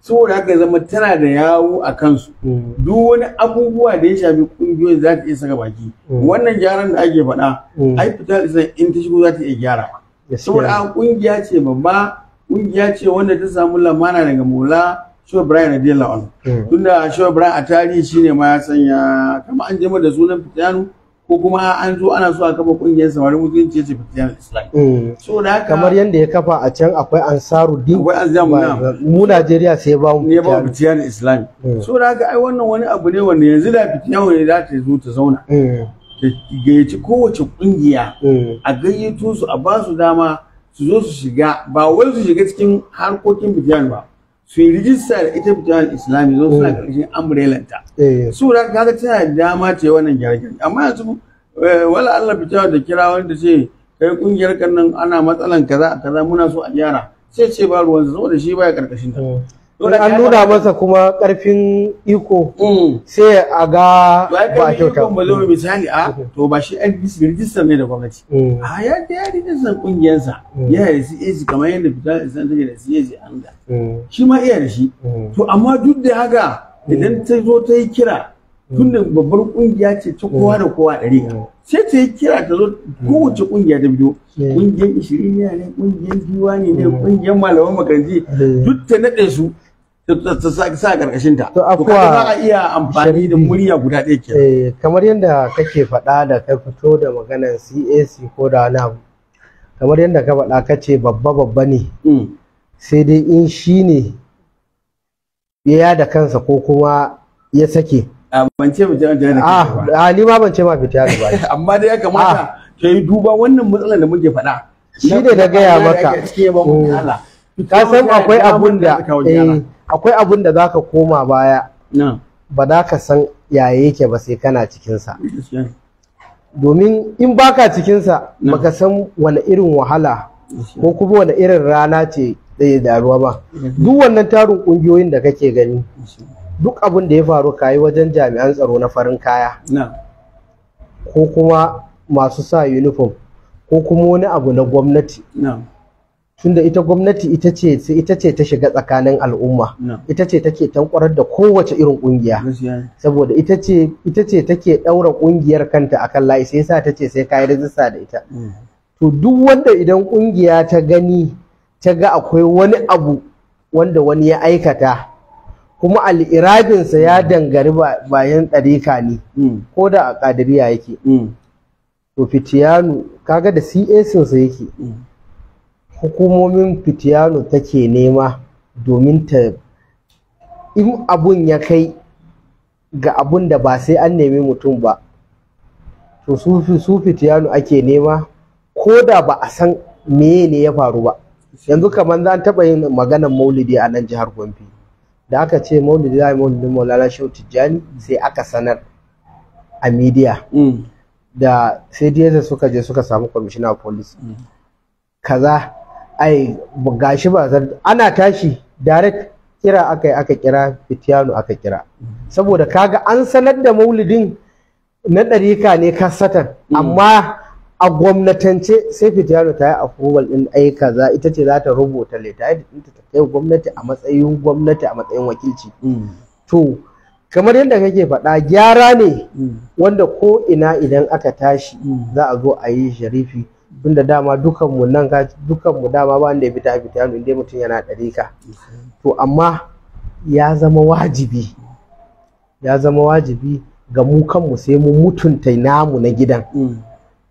saboda haka zama tana da yawo a kansu mm. duk wani abubuwa da ya shafi kungiyoyin za ta iya saka baki mm. wannan gyaran da ake faɗa mm. ai fita isan in ta shigo za ta iya gyara saboda ƙungiya kungiya ce babba kungiya ce wanda ta samu lamana daga mola Shehu Brian Adela tunda Shehu Brian a tarihi shine ma ya sanya kama an jima da sunan fitanu ko kuma an zo ana so a kafa kungiyar samari musulunci ya ce fitiyar islam eh, kamar yadda ya kafa a can akwai ansaru din akwai ansaru mu Najeriya sai ba mu ba islam eh. so da haka ai wannan wani abu ne wanda yanzu da fitiyar ne za ta zo ta zauna eh. ta gayyaci kowace kungiya a gayyato su a ba su dama su zo su shiga ba wai su shiga cikin harkokin fitiyar ba su yi rijista da ita fitowar islami zo suna eh. karshen amurelanta. Eh. su da kaga tana dama ce wannan gyare amma yanzu eh, wala Allah fitowar da kira wanda ce kai kungiyar kan nan ana matsalan kaza kaza muna so a gyara sai ce ba ruwan da shi baya karkashin ta an nuna masa kuma karfin iko mm. sai a ga ba a kyauta ba zai misali a mm. to ba shi an rijistar ne da gwamnati mm. a ya da ya rijistar kungiyarsa ya da su eji kamar yadda fitar isan take da su eji an ga. shi ma iya da shi to amma duk da haka idan ta zo ta yi kira tun tunda babbar kungiya ce ta kowa da kowa ɗari sai ta yi kira ta zo kowace kungiya ta biyo kungiyar ishirin ne kungiyar giwa ne ne kungiyar malaman makaranti duk ta naɗe su sa ƙarƙashinta, to a iya amfani da murya guda ɗaya ke eh kamar yadda kake faɗa da ka fito da maganar CAC ko da wani abu kamar yadda ka faɗa ka ce babba babba ne mm. sai dai in shi ne ya da kansa ko kuma ya sake da a ah, ah, ni ma ban ce ma fita da ba amma dai ya kamata ah. ka yi duba wannan matsalar da muke faɗa shi ne da gaya maka mm. ka san akwai abun da akwai abin da zaka koma baya ba za ka san yaya yake ba sai kana cikinsa domin in baka cikinsa baka san wani irin wahala ko kuma wani irin rana ce da daruwa ba duk wannan tarin ƙungiyoyin da kake gani duk abin da ya faru kayi wajen jami'an tsaro na farin kaya ko kuma masu sa uniform ko kuma wani abu na gwamnati tunda ita gwamnati ita ce ita ce ta shiga tsakanin al'umma ita ce take tankwarar da kowace irin kungiya saboda ita ce ita ce take daura kungiyar kanta akan layi sai yasa ta ce sai kai rijista da ita mm. to duk wanda idan kungiya ta gani ta ga akwai wani abu wanda wani ya aikata kuma al'irabinsa ya dangari bayan ɗarika ne mm. ko da a kadiriya yake mm. to fitiyanu kaga da sa yake hukumomin fitiyano take nema domin ta in abun ya kai ga abun da ba sai an nemi mutum ba to su fitiyano ake nema ko da ba a san meye ne ya faru ba yanzu kamar zan taɓa yin maganar maulidi a nan jihar gombe da aka ce maulidi za a yi maulidin maulana tijjani sai aka sanar a midiya mm. da sai suka je suka samu kwamishina police mm. kaza ai gashi ba ana tashi direct kira aka yi aka kira fitiyanu aka kira saboda kaga an sanar da maulidin na ɗarika ne kasatan mm. amma a gwamnatance sai fitiyanu ta yi a approval ɗin aika kaza ita ce za ta rubuta leta ta kai gwamnati a matsayin gwamnati a matsayin wakilci mm. to kamar yadda kake faɗa gyara ne mm. wanda ko ina idan aka tashi za a zo a yi sharifi tunda dama dukanmu nan ga mu dama ba da ya fita fita in dai mutum yana ka. to amma ya zama wajibi ya zama wajibi ga mu kanmu sai mu mutunta namu na gidan mm.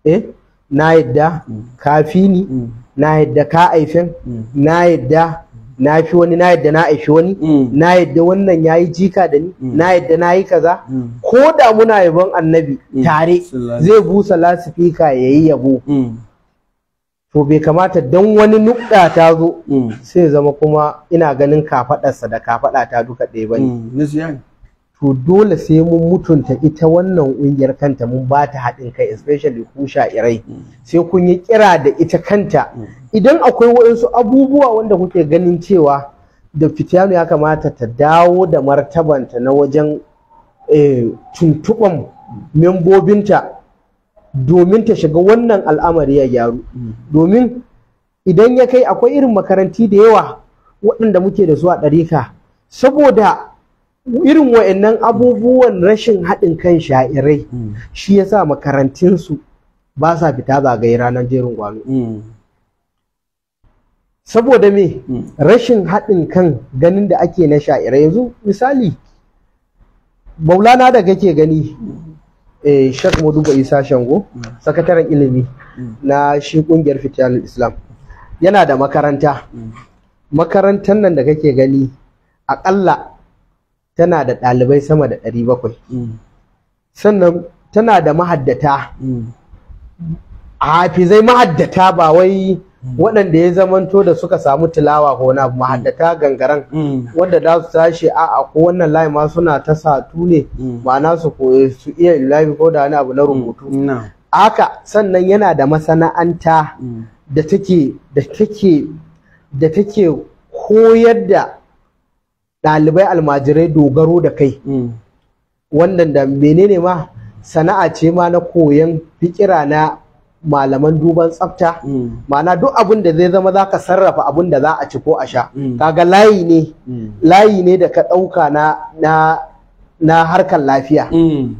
eh na yadda mm. ka fi ni mm. na yadda ka aifin na yadda na fi wani na yadda na aifi wani na yadda wannan ya yi jika da ni na yadda na yi kaza ko da muna yabon annabi tare zai busa lasifika ya yi yabo to bai kamata don wani nukta ta zo mm. sai zama kuma ina ganin kafaɗarsa da kafaɗa ta duka ɗaya ba ne. Mm. To dole sai mun mutunta ita wannan ƙungiyar kanta mun ba ta haɗin kai especially ku sha'irai mm. sai kun yi kira da ita kanta idan akwai waɗansu abubuwa wanda kuke ganin cewa da fitiyanu ya kamata ta dawo da martabanta na wajen eh, tuntuɓan membobinta domin ta shiga wannan al'amari ya gyaru domin idan ya kai akwai irin makaranti da yawa waɗanda muke da su a ɗarika saboda irin wa'annan abubuwan rashin haɗin kan sha'irai shi ya sa makarantinsu ba sa fita zagaye ranar jerin gwano saboda me rashin haɗin kan ganin da ake na sha'irai yanzu misali maulana da kake gani eh Sheikh Moduba Isa Shango mm. sakataren ilimi mm. na shi kungiyar Fitiyal Islam yana da makaranta mm. makarantar nan da kake gani akalla tana da ɗalibai sama da ɗari bakwai sannan tana da mahaddata hafizai mahaddata ba wai waɗanda ya zamanto da suka samu tilawa ko wani abu mahaddata gangaran mm. mm. wanda za su tashi a a ko wannan layi ma suna ta satu ne mm. ma'ana su koyi su iya layi ko da wani abu na rubutu haka sannan yana da masana'anta da take da take koyar da ɗalibai almajirai dogaro da kai wannan da menene ma sana'a ce ma na koyon fikira na malaman duban tsafta mm. ma'ana duk abin da zai zama za ka sarrafa abin da za a ci ko a sha mm. kaga layi ne mm. layi ne da ka ɗauka na na harkar lafiya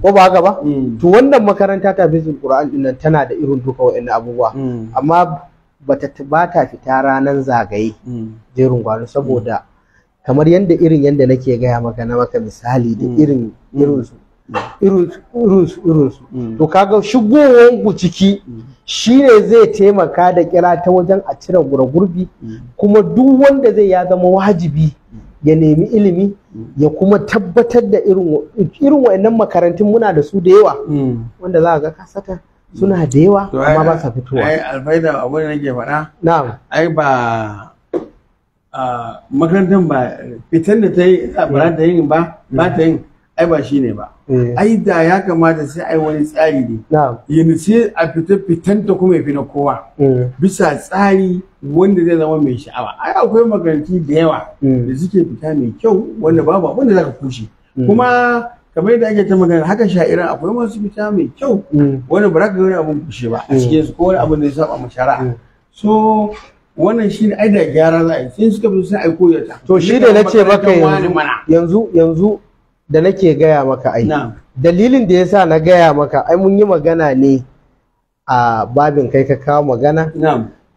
ko ba haka ba to wannan makaranta ta bizul qur'an din nan tana da irin duka wa'annan abubuwa amma bata ba fita ranan zagaye jerin gwanu saboda kamar yanda irin yanda nake gaya maka na maka misali da irin irin su irinsu irinsu to kaga shigowar ku ciki shine zai taimaka da kira ta wajen a cire gurgurbi kuma duk wanda zai ya zama wajibi ya nemi ilimi ya kuma tabbatar da irin wa'annan makarantun muna da su da yawa wanda za ga kasata suna da yawa amma ba sa fitowa ai alfaida abu da nake faɗa na'am ai ba makarantar ba fitan da ta yi ba ta yin ba ba ta yin ai ba shi ne ba eh. ai da ya kamata sai ai wani tsari ne yanzu sai a fita fitanta kuma ya fi na kowa eh. bisa tsari wanda zai zama mai sha'awa ai akwai makaranti da yawa eh. da suke fita mai kyau wanda babu abin da zaka kushe kuma kamar yadda ake ta magana haka sha'iran akwai masu fita mai kyau wanda ba za ka gani abin kushe ba a cikin su ko wani abin da ya saba mashara. so wannan shi ne ai da gyara za a yi sai suka fi sai ai koyata to shi da na ce maka yanzu yanzu da nake gaya maka ai dalilin da yasa na gaya maka ai mun yi magana ne a babin kai ka kawo magana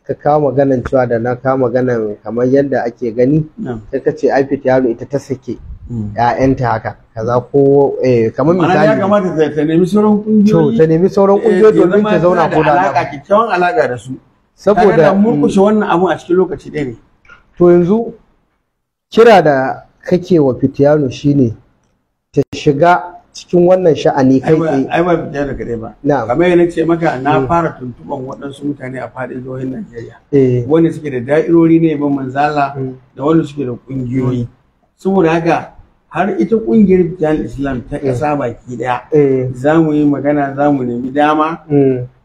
ka kawo maganan cewa da na kawo maganan kamar yadda ake gani sai ka ce ai yaro ita ta sake mm. ‘ya'yanta haka kaza ko eh, kamar misali ya kamata ta nemi sauran kungiyoyi ta nemi sauran eh, kungiyoyi domin ta zauna ko da alaƙa kyakkyawan alaƙa da su saboda murkushe wannan abu a cikin lokaci ɗaya ne to yanzu kira da kake wa fitiyano shine ta shiga cikin wannan sha'ani kai tsaye ai ba fita daga dai ba kamar yana ce maka na hmm. fara tuntuban waɗansu mutane a fadin jihohin Najeriya eh. wanda suke da da'irori ne ban manzala hmm. da wanda suke da ƙungiyoyi hmm. saboda haka har ita ƙungiyar Bitan Islam ta eh. ƙasa baki ɗaya eh. za mu yi magana za mu nemi dama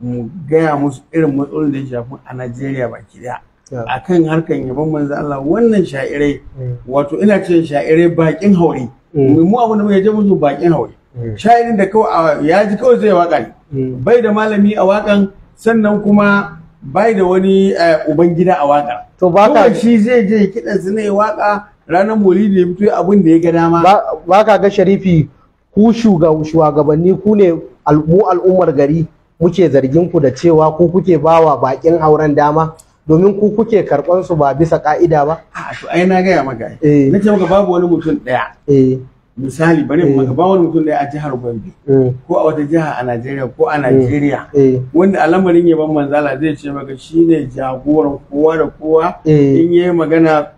mu gaya musu irin matsalolin da ya shafi a Najeriya baki ɗaya akan harkan yaban manzo Allah wannan sha'irai wato ina ce sha'irai bakin haure Eh. mu abu da muke je musu bakin hawaye eh. sha'irin da kawai ya ji kawai zai waka ne eh. bai da malami a wakan sannan kuma bai da wani uban gida a waka to ba ka shi zai je kiɗan su ne waka ranar maulidi ya fito abin da ya ga dama ba ka ga sharifi ku shugabanni ku ne mu al'ummar gari muke zargin ku da cewa ku kuke bawa bakin auren dama domin ku kuke karɓar su ba bisa ka'ida ba a to ai na gaya maka eh ce maka babu wani mutum daya eh misali bari mu eh. maka babu wani mutum daya a jihar Gombe eh. ko a wata jiha a Najeriya ko a eh. Najeriya wanda al'amarin yaban manzala zai ce maka shine jagoran kowa da kowa in yayi magana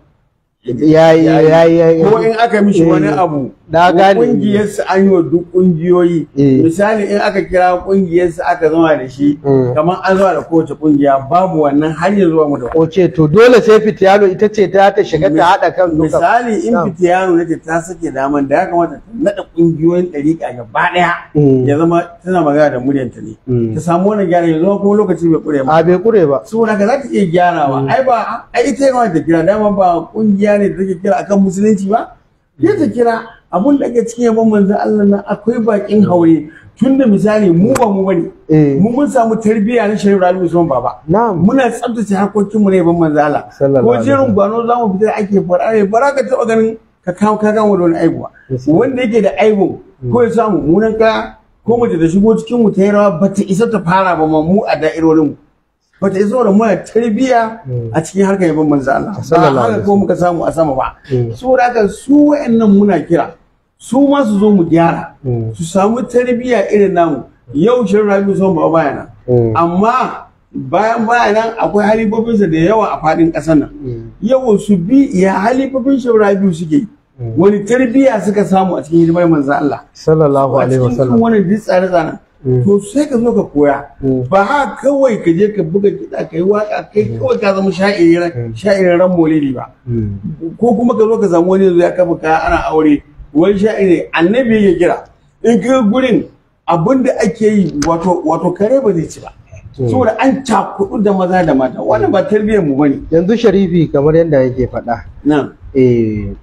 yayi yayi ko in aka mishi wani abu na gane kungiyar su an yi wa duk kungiyoyi eh. misali in aka kira kungiyar su aka zama da shi eh. kamar an zama da kowace kungiya babu wannan hanyar zuwa mu da ce to dole sai fitiyano ita ce ta ta shiga ta hada kan duka misali in fitiyano ne ta sake daman da ya kamata ta nada kungiyoyin dariƙa gaba daya eh. ya zama tana magana da muryanta ne ta samu wannan gyara ya zama kuma lokaci bai kure ba a bai kure ba saboda ka za ta iya gyarawa ai ba ai ita ya kamata ta kira dama ba kungiya ne da take kira akan musulunci ba ya ta kira abun da ke cikin yabon manzon Allah na akwai bakin haure tun da misali mu ba mu bane eh. mu mun samu tarbiyya na shari'a da Usman baba muna tsabtace hakokin mu ne yabon manzon Allah ko jerin gwano zamu fita ake farare eh, baraka ta ganin ka kawo ka ga wani aibuwa wanda yake da aibu mm. ko ya samu nan ka ko mu da shigo cikin mu ta yi rawa ba ta isa ta fara ba mu a da'irorin mu ba ta isa da muna tarbiyya mm. a cikin harkar yabon manzo Allah ba haka ko muka samu a sama ba mm. saboda haka su wayannan muna kira su ma su zo mu gyara mm. su samu tarbiyya irin namu yau shirin rabi so ba bayana mm. amma bayan bayanan akwai halifofinsa da yawa a fadin ƙasar nan mm. yawan su bi ya halifofin shirin rabi suke wani tarbiyya suka samu a cikin hidimar manzan Allah sallallahu alaihi wasallam wani ditsare tsare to sai ka zo ka koya ba ha kawai ka je ka buga kiɗa ka yi waka kai kawai ka zama sha'irin ran molidi ba ko kuma ka zo ka samu wani ya kafa ka ana aure wai sha'iri annabi ya kira in ka gurin abinda ake yi wato wato kare ba zai ci ba saboda an cakudu da maza da mata wannan ba tarbiyyar mu bane yanzu sharifi kamar yadda yake faɗa na'am eh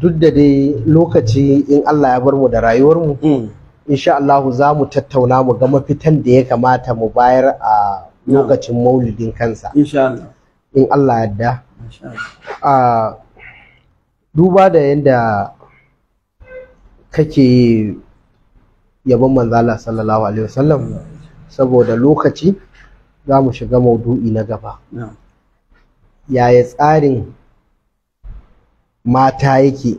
duk da dai lokaci in Allah ya bar mu da rayuwar mu mm. insha Allah za mu tattauna mu ga mafitan da ya kamata mu bayar a lokacin maulidin kansa insha Allah in Allah ya yarda ah, duba da yadda kake yabon manzala sallallahu alaihi wasallam saboda lokaci za mu shiga maudu'i na gaba yaya tsarin mata yake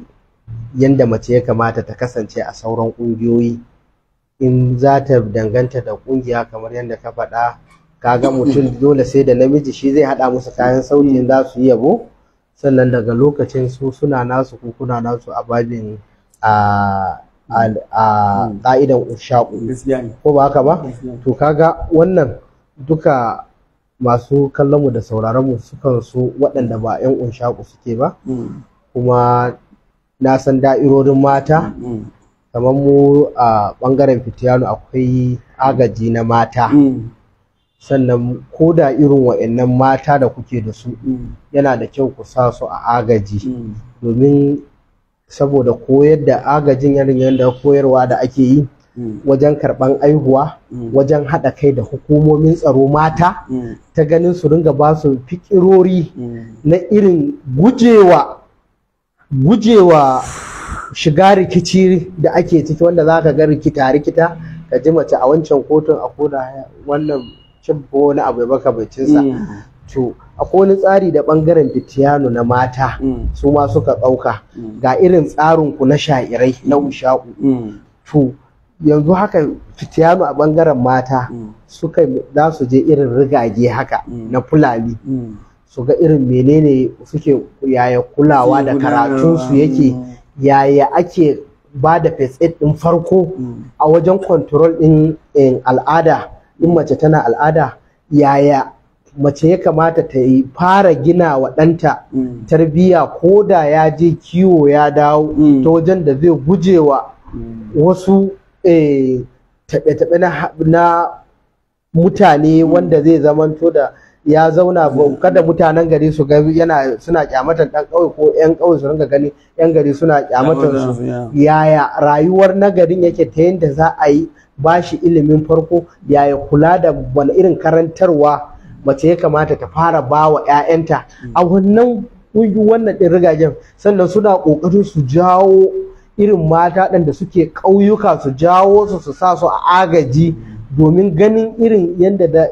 yadda mace ya kamata ta kasance a sauran ƙungiyoyi in za ta danganta da ƙungiya kamar yadda ka faɗa kaga mutum dole sai da namiji shi zai haɗa musu kayan sauyi in za su yi yabo sannan daga lokacin su suna nasu ko kuna nasu a babin a a ƙa'idan ko ba haka ba to kaga wannan duka masu kallon mu da sauraron mu sukan so waɗanda ba 'yan unshaku suke ba mm. kuma na san da'irorin mata mm, mm. kamar mu a ɓangaren fitiyanu akwai agaji na mata sannan ko da irin wa'annan mata da kuke da su yana da kyau ku sa su a agaji domin saboda koyar da agajin yarin da koyarwa da ake yi mm. wajen karban aihuwa mm. wajen haɗa kai da hukumomin tsaro mata mm. ta ganin su ringa ba su fikirori na irin gujewa gujewa shiga rikici da ake ciki wanda za ka ga rikita rikita ka ji mace a wancan kotun a koda wannan cibbo na abu ya baka bai cinsa to akwai wani tsari da bangaren fitiyano na mata mm. su ma suka ɗauka mm. ga irin tsarin ku na sha'irai na mm. ushaku to yanzu haka fitiyano a bangaren mata suka za su je irin rigage haka na fulani su ga irin menene suke yaya kulawa da karatun su yake yaya ake ba da fesed ɗin farko a wajen kontrol ɗin al'ada in mace tana al'ada yaya mace ya kamata ta yi fara gina wa ɗanta mm. tarbiyya ko da ya je kiwo ya dawo mm. ta wajen da zai guje wa mm. wasu eh, taɓe-taɓe na mutane wanda zai zamanto da ya zauna kada mutanen gari su ga yana suna kyamatan dan kauye ko yan kauye su ringa gani yan gari suna kyamatan su yaya rayuwar nagarin yake ta yadda za a yi bashi ilimin farko yaya kula da wani irin karantarwa mace ya kamata ta fara ba wa 'ya'yanta mm. a wannan ƙungi wannan ɗin rigagen sannan suna ƙoƙarin su jawo irin mata ɗin da suke ƙauyuka su jawo su su sa su a agaji domin ganin irin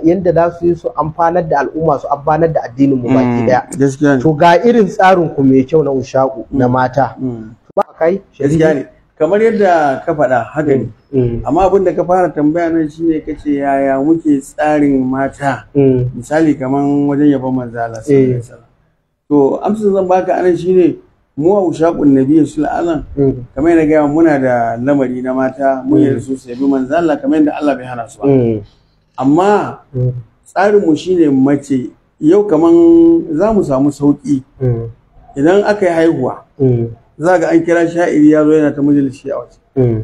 yadda za su yi su amfanar da al'umma su amfanar da addinin mu mm, baki daya to ga irin tsarin ku mai kyau na ushaku na mm, mata kamar yadda ka faɗa haka ne mm, mm. amma abin da ka fara tambaya nan shine kace yaya muke tsarin mata mm. misali kamar wajen yabon manzo Allah sallallahu alaihi eh. to amsar zan baka anan shine mu a ushaqun nabiyyi sallallahu alaihi kamar yadda gaya muna da lamari na mata mu yi su sai bi manzo Allah kamar yadda Allah bai hana su amma tsarin mu shine mace yau kaman za samu sauki idan aka yi haihuwa za ga an kira sha'iri ya zo yana ta majalisi a waje hmm.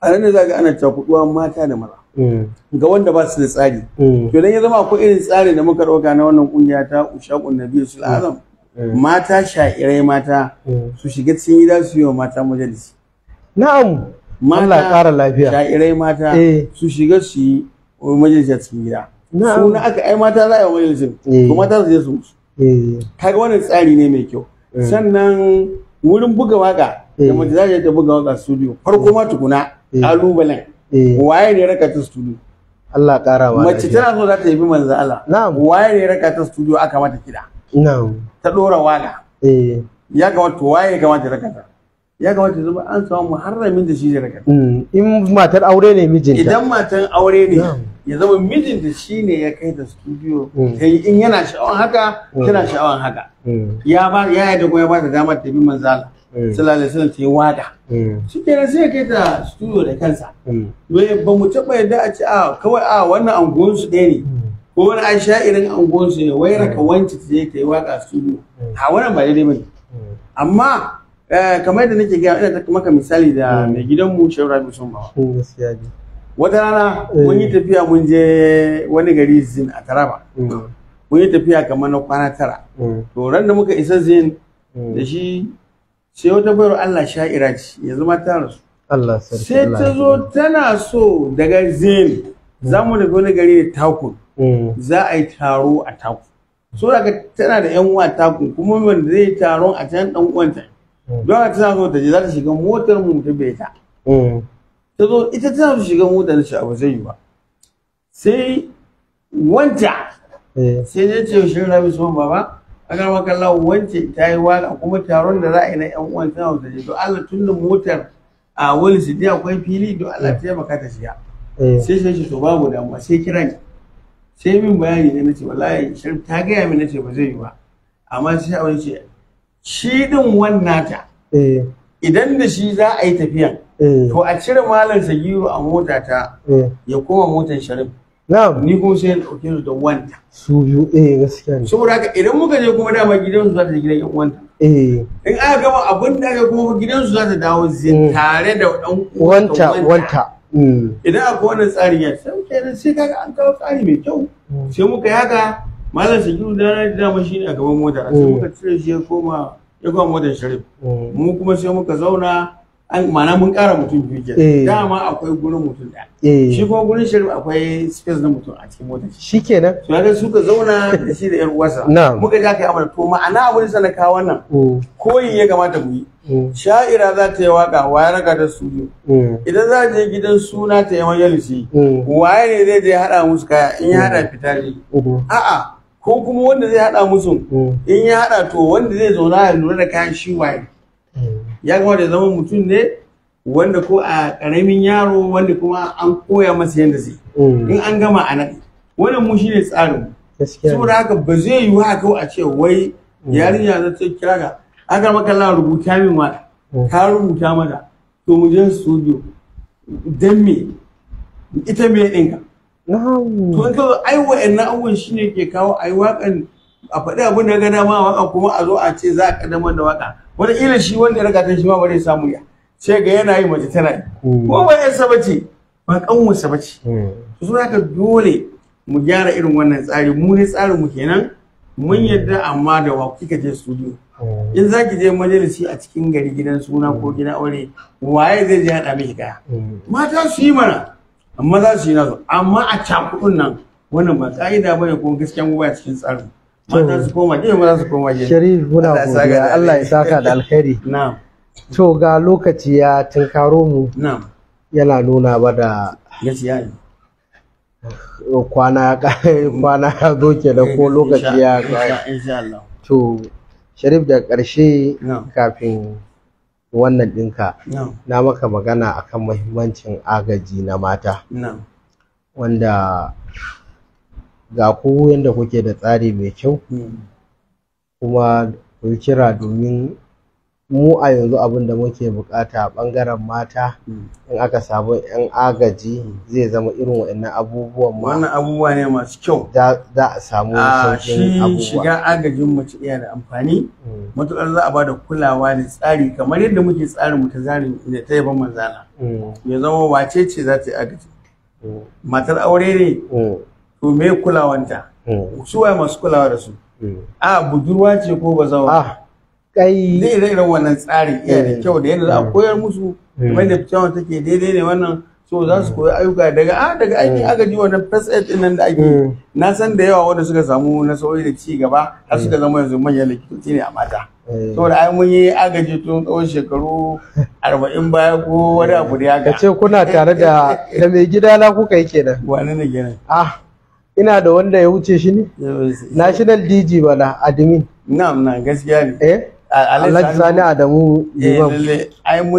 a nan ne za ga ana cakuduwa mata da mara. Hmm. ga wanda ba su da tsari hmm. to dan ya zama akwai irin tsari da muka dauka na wannan kungiya ta ushaqun Nabi sallallahu mata sha'irai mata su shiga cikin gida su yi wa mata majalisi na'am Allah ƙara lafiya sha'irai mata eh. su shiga su yi majalisi a cikin gida su na aka ai mata za a yi majalisin Kuma eh. mata su je su musu eh. kaga wannan tsari ne mai kyau sannan wurin buga waka da eh. mace za ta buga waka studio farko ma eh. tukuna kalubalen eh. waye ne raka ta studio Allah ƙara wa mace tana so za ta yi manzo Allah na'am waye ne raka ta studio aka mata kida na'am ta dora waka eh ya kamata waye kamata raka ta ya kamata zama an samu muharramin da shi zai mm. in matar aure ne mijinta idan matan aure ne ya zama mijinta shi ne ya kai ta studio mm. ta yi in yana sha'awan haka mm. tana sha'awan haka ya ba ya yi da goya ba ta damar ta bi manzala sallallahu alaihi ta yi wada shi kenan sai ya kai ta studio da kansa ba mu taba yadda a ci a kawai a wannan anguwan su ɗaya ne ko wani an sha irin anguwan su ne wai raka wanci ta je ta yi waka studio a wannan ba daidai ba amma Eh, kamar yadda nake gaya ina maka misali da mm. mai gidanmu Shehu Rabi Sumba. Mm, gaskiya ne. Wata rana eh. mun yi tafiya mun je wani gari Zin a Taraba. Mm. Mun yi tafiya kamar na kwana tara. To ran da muka isa Zin da shi sai wata bayar Allah sha'ira iraci, yanzu ma ta rasu. Allah Sai ta zo tana so daga Zin za mu tafi wani gari da takun. Za a yi taro a takun. So daga tana da 'yan uwa takun kuma wanda zai taron a can ɗan uwanta. don a tana so ta je za ta shiga motar mu ta bai ta ta zo ita tana so shiga motar shi abu zai yi ba sai wanta sai ne ce shi rabi so baba a karama kallon wance ta yi waka kuma taron da za a yi na yan uwan tana so ta je to Allah tunda motar a wani sidi akwai fili don Allah ta taimaka ta shiga sai sai shi to babu damuwa sai kira ni sai min bayani ne na ce wallahi shirif ta gaya min na ce ba zai yi ba amma sai a wani ce shi din wannata eh. idan da shi za a yi tafiya eh. to a cire malam sagiru a mota ta eh. ya koma motan sharif ni kuma sai ɗauke su da wanta su biyu eh gaskiya ne saboda haka idan muka je kuma dama gidansu za ta je gidan yan wanta in aka gama abin da aka kuma gidansu za ta dawo mm. tare da ɗan wanta wanta mm. idan akwai wannan tsarin ya sai kenan sai kaga an kawo tsari mai kyau mm. sai muka yaga malam sakiru da na dama shi ne a gaban mota a sai oh. muka cire shi ya koma ya koma motar sharif oh. mu kuma sai muka zauna an mana mun kara mutum biyu ke eh. dama akwai gurin mutum da eh. shi kuma gurin sharif akwai space na mutum a cikin motar shi kenan to ya suka zauna da shi da yar uwarsa muka ja kai amana to ma'ana abin sa na kawo wannan oh. koyi ya kamata mu yi sha'ira za ta yi waka waye raka da studio idan za je gidan suna ta yi majalisi waye ne zai je hada musu kaya in ya hada fitari a'a ko kuma wanda zai haɗa musu mm. in ya haɗa to wanda zai zauna ya lura da kayan shi waye mm. ya ga da zama mutum ne wanda ko a ƙaramin yaro wanda kuma an koya masa yadda zai mm. in an gama a wannan mu shine tsarin saboda haka ba zai yi wa kawai a ce wai yarinya za ta kira ka aka maka la rubuta min ma ka rubuta mata to mu je studio dan me ita me ɗinka to ka ai wa'annan abubuwan shine ke kawo ai wakan a faɗi abin da ga dama waka kuma a zo a ce za a kaddamar da waka wani ila shi wanda ya riga shi ma ba zai samu ya ce ga yana yi mace tana yi hmm. ko ba ya sabace ba ƙanwansa ba ce su hmm. haka dole mu gyara irin wannan tsari mu ne tsarin mu kenan mun hmm. yadda amma da wa kika je studio in za ki je majalisi a cikin gari gidan suna ko gidan aure waye zai je haɗa miki kaya mata su yi mana amma za su yi nasu amma a cakudun nan wannan ba ka'ida ba ne ko gaskiya mu ba cikin tsarin mata su koma gefe maza su koma gefe sharif muna godiya Allah ya saka da alkhairi na'am to ga lokaci ya tunkaro mu na'am yana nuna ba da gaskiya oh, kwana kwana ya zo kenan ko lokaci ya insha to sharif da ƙarshe kafin wannan ɗinka na maka magana akan muhimmancin agaji na mata wanda ga ku yadda kuke da tsari mai kyau hmm. kuma kun kira domin mu a yanzu abin da muke bukata a bangaren mata hmm. in aka samu yan agaji hmm. zai zama irin waɗannan abubuwan ma wannan abubuwa ne masu kyau za a samu ah, sauƙin abubuwa shi shiga agajin mace iya da amfani hmm. matuƙar za a ba da kulawa da tsari kamar yadda muke tsarin mu ta zarin da ta yaban manzana ya zama wace ce za ta yi agaji matar aure ne to me kulawanta su waye masu kulawa da su a budurwa ce ko bazawara ah, kai zai ire iren wannan tsarin iya da eh. kyau da yadda za a eh. koyar musu eh. kamar da fitawan take daidai ne wannan so za su koyi ayyuka daga a ah, daga aikin agaji wannan first aid din nan da ake na san da yawa wanda suka samu nasarori da ci gaba har suka zama yanzu manyan likitoci ne a mata saboda ai mun yi agaji tun tsawon shekaru arba'in baya ko wani abu da haka ce kuna tare da da mai gida na kuka yi kenan wani ne kenan ah ina da wanda ya wuce shi ne national dg bala admin na'am na gaskiya ne eh Alexander Sani Adamu eh,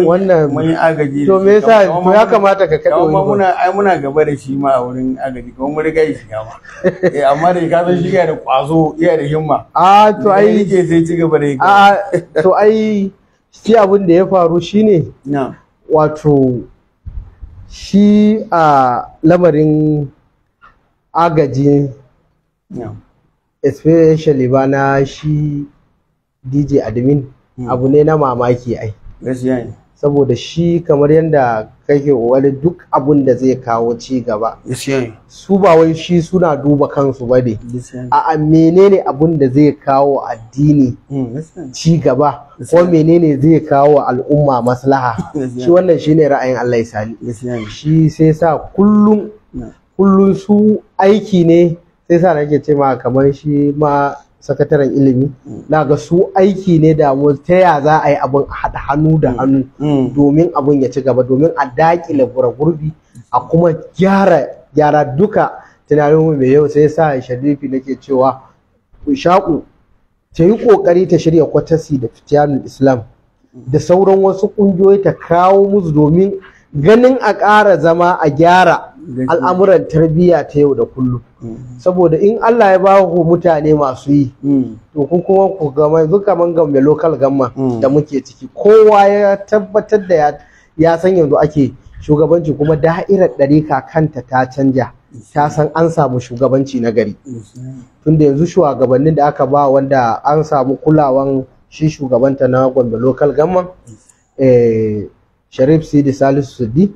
wannan mun agaji to me yasa to ya kamata ka kado wani muna ai muna gaba da shi ma a wurin agaji kuma mun riga shi ma eh amma da ka san shi ga da kwazo iya da himma a to ai yake sai ci gaba da a to ai shi abin da ya faru shine na wato shi a lamarin agaji especially bana shi dj admin hmm. abu ne na mamaki ai gaskiya ne saboda shi kamar yadda kake wani duk abun da zai kawo ci gaba su ba wai shi suna duba kansu ba ne a menene abun da zai kawo addini hmm, ci gaba ko menene zai kawo al'umma maslaha shi wannan shine ra'ayin Allah sali shi sai sa kullum hmm. kullum su aiki ne sai sa nake ce ma kamar shi ma sakataren ilimi na ga su aiki ne da ta ya za a yi abin haɗa hannu da mm, hannu mm. domin abin ya ci gaba domin a daƙile gurbi a kuma gyara gyara duka tunanin mu mai yau sai sa sharifi nake cewa shaƙu ta yi ƙoƙari ta shirya kwatasi da fitiyanun islam da sauran wasu ƙungiyoyi ta kawo musu domin ganin a ƙara zama a gyara al'amuran tarbiyya ta yau da kullum mm. saboda in Allah ya ba ku mutane masu yi mm. to ku kuma ku gama yanzu kaman gambe local gamma mm. da muke ciki kowa ya tabbatar da ya san yanzu ake shugabanci kuma da'irar ɗari kanta ta canja ta san an samu shugabanci na gari tunda yanzu shugabannin da aka ba wanda an samu kulawan shi shugabanta na gombe local gamman eh, sharif sidi salisu sudi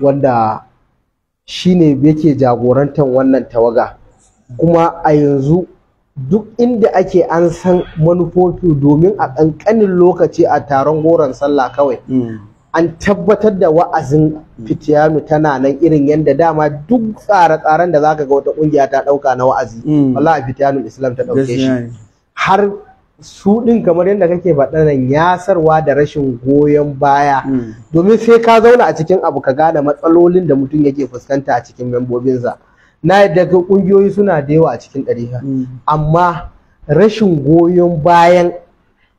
wanda shine yake jagorantar wannan tawaga kuma a yanzu duk inda ake an san manufofi domin a ƙanƙanin lokaci a taron goron sallah kawai mm. an tabbatar da wa'azin fitiyanu tana nan irin yadda dama duk tsare-tsaren da zaka ga wata kungiya ta dauka na wa'azi mm. wallahi fitiyanu islam ta dauke shi har su ɗin kamar yadda kake faɗa nan sarwa da rashin goyon baya hmm. domin sai ka zauna a cikin abu ka gane matsalolin da mutum yake fuskanta a cikin membobinsa na yadda ƙungiyoyi suna da yawa a cikin ɗari ɗariha hmm. amma rashin goyon bayan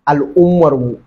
al'ummarmu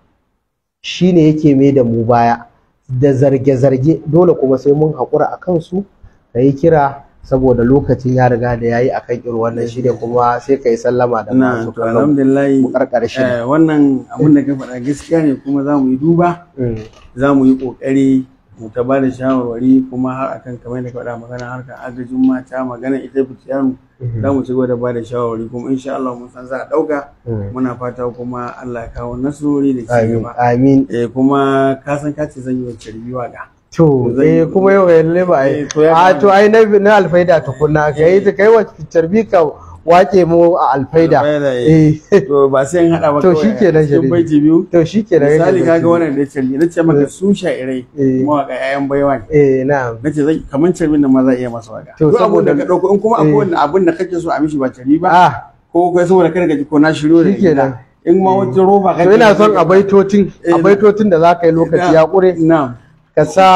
shine yake mai da mu baya da zarge-zarge dole kuma sai mun haƙura a kansu ka yi kira saboda lokaci ya riga da ya yi a kan irin wannan shirye kuma sai ka yi sallama da masu kallon alhamdulillahi karkar eh, wannan abin da ka faɗa gaskiya ne kuma za mu yi duba mm. za mu yi ƙoƙari mu ta ba da shawarwari kuma har akan kamar da ka faɗa magana harkar agajin mata magana ita bitiyanu mm-hmm. za mu ci gaba da ba da shawarwari kuma insha Allah mun san za a ɗauka mm. muna fata kuma Allah ya kawo nasarori da ci gaba amin eh, kuma ka san ka ce zan yi wacce ribiwa ga to eh kuma yau ne ba ai eh, a to ai na alfaida tukunna kai ta kai wa tarbi ka wake mu a alfaida eh. eh to ba sai an hada ba to shikenan shi baiti biyu to shikenan misali kaga wannan da ce na ce maka eh. su sha'irai mawaka yayan baiwa ne eh na'am nace zai kaman carbin nan ma za iya masa waka to saboda ka dauko in kuma akwai wannan abin da kake so a mishi ba carbi ba ah. ko kai saboda kada ka ji ko na shiru ne shikenan in ma wata roba kake to ina son abaitotin abaitotin da za ka yi lokaci ya kure na'am ka sa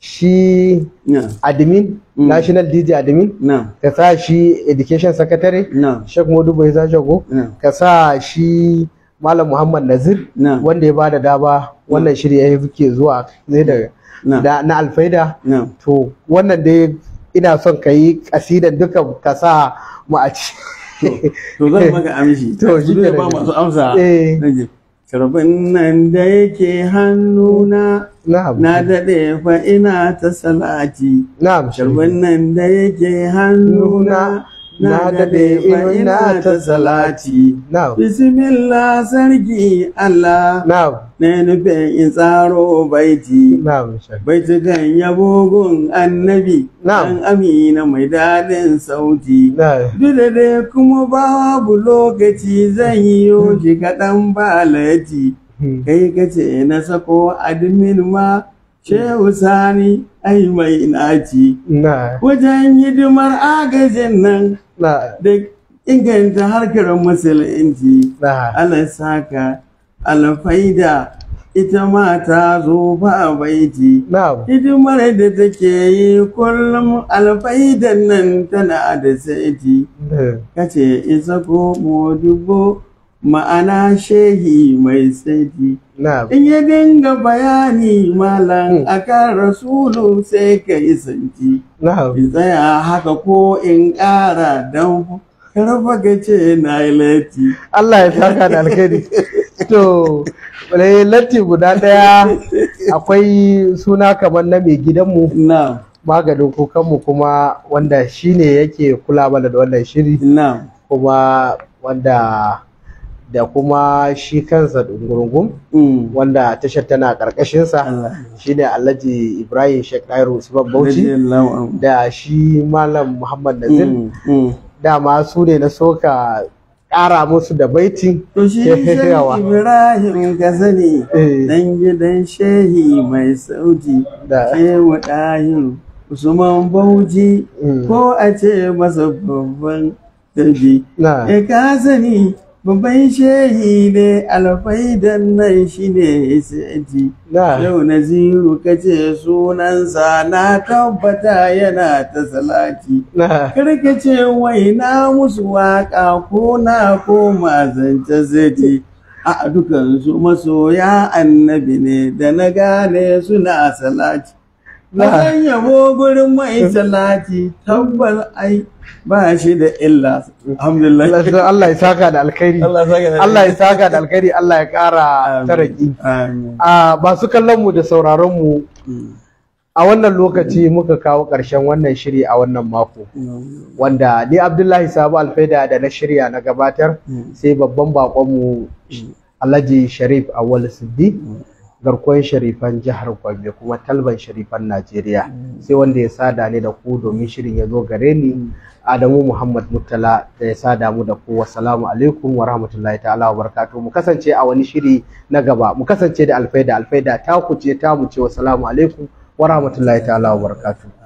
shi admin mm. national dj admin ka sa shi education secretary shek modu bai za shago ka sa shi malam muhammad nazir wanda ya bada daba wannan shirya ya ke zuwa zai da na alfaida to wannan dai ina son ka yi kasidan duka ka sa mu a ci to zan maka amshi to shi ne ba masu amsa eh. karbin nan da yake hannuna na daɗe fa ina ta salati. karbin nan da yake hannuna na dade ina ta salati bismillah sarki Allah na nufin in tsaro baiti baiti kan yabo gun annabi dan amina mai dadin sauti dole da kuma babu lokaci zan yi yoji kaɗan balati hmm. kai kace na sako admin ma Shehu Sani ai mai naci. Wajen hidimar agajin nan da inganta harkar masana'anci ala saka alfaida ita ma ta zo ba baiti hidimar da take yi kullum alfaidan nan tana da saiti eh. kace isa ko modibo ma'ana shehi mai sadi in ya dinga bayani malam hmm. akan rasulu sai ka yi santi in tsaya haka ko in ƙara don karfa ga na yi lati Allah ya saka da alkhairi to latti guda ɗaya akwai suna kamar na mai gidanmu maganin kukanmu kuma wanda shine yake kula mana da wannan shiri kuma wanda da kuma shi kansa dungurungun mm. wanda tashar tana karkashinsa shine alhaji ibrahim sheikh dairu usman bauchi da shi malam muhammad nazir mm, mm. dama su ne na soka ƙara musu da baiti. To shi Ibrahim ka eh. dan gidan shehi mai sauti da shehu Usman Bauchi ko a ce masa babban daji. E eh, ka sani babban shehi ne alfaidan nan shi ne sa'adi yau naziru ka ce sunansa na tabbata yana ta salati karka ce wai na musu waka ko na koma zance sa'adi a dukansu masoya annabi ne da na gane suna salati Wannan yabo gurin mai salati tabbas ai ba shi da illa. Alhamdulillah. Allah ya saka da alkhairi. Allah ya saka da alkhairi. Allah ya kara taraki. A masu kallon mu da sauraron mu mm. a wannan lokaci muka kawo ƙarshen wannan shiri a wannan mako mm. wanda ni abdullahi sabu alfaida da na shirya na gabatar mm. sai babban mu alhaji sharif awal siddi garkon sharifan jihar Gombe kuma talban sharifan Najeriya sai wanda ya sada ne da ku domin shirin ya zo gare ni Adamu Muhammad Murtala da ya sada mu da ku wassalamu alaikum wa rahmatullahi ta'ala wa barakatuh mu kasance a wani shiri na gaba mu kasance da alfaida alfaida ta ku ta mu ce wassalamu alaikum wa rahmatullahi ta'ala wa barakatuh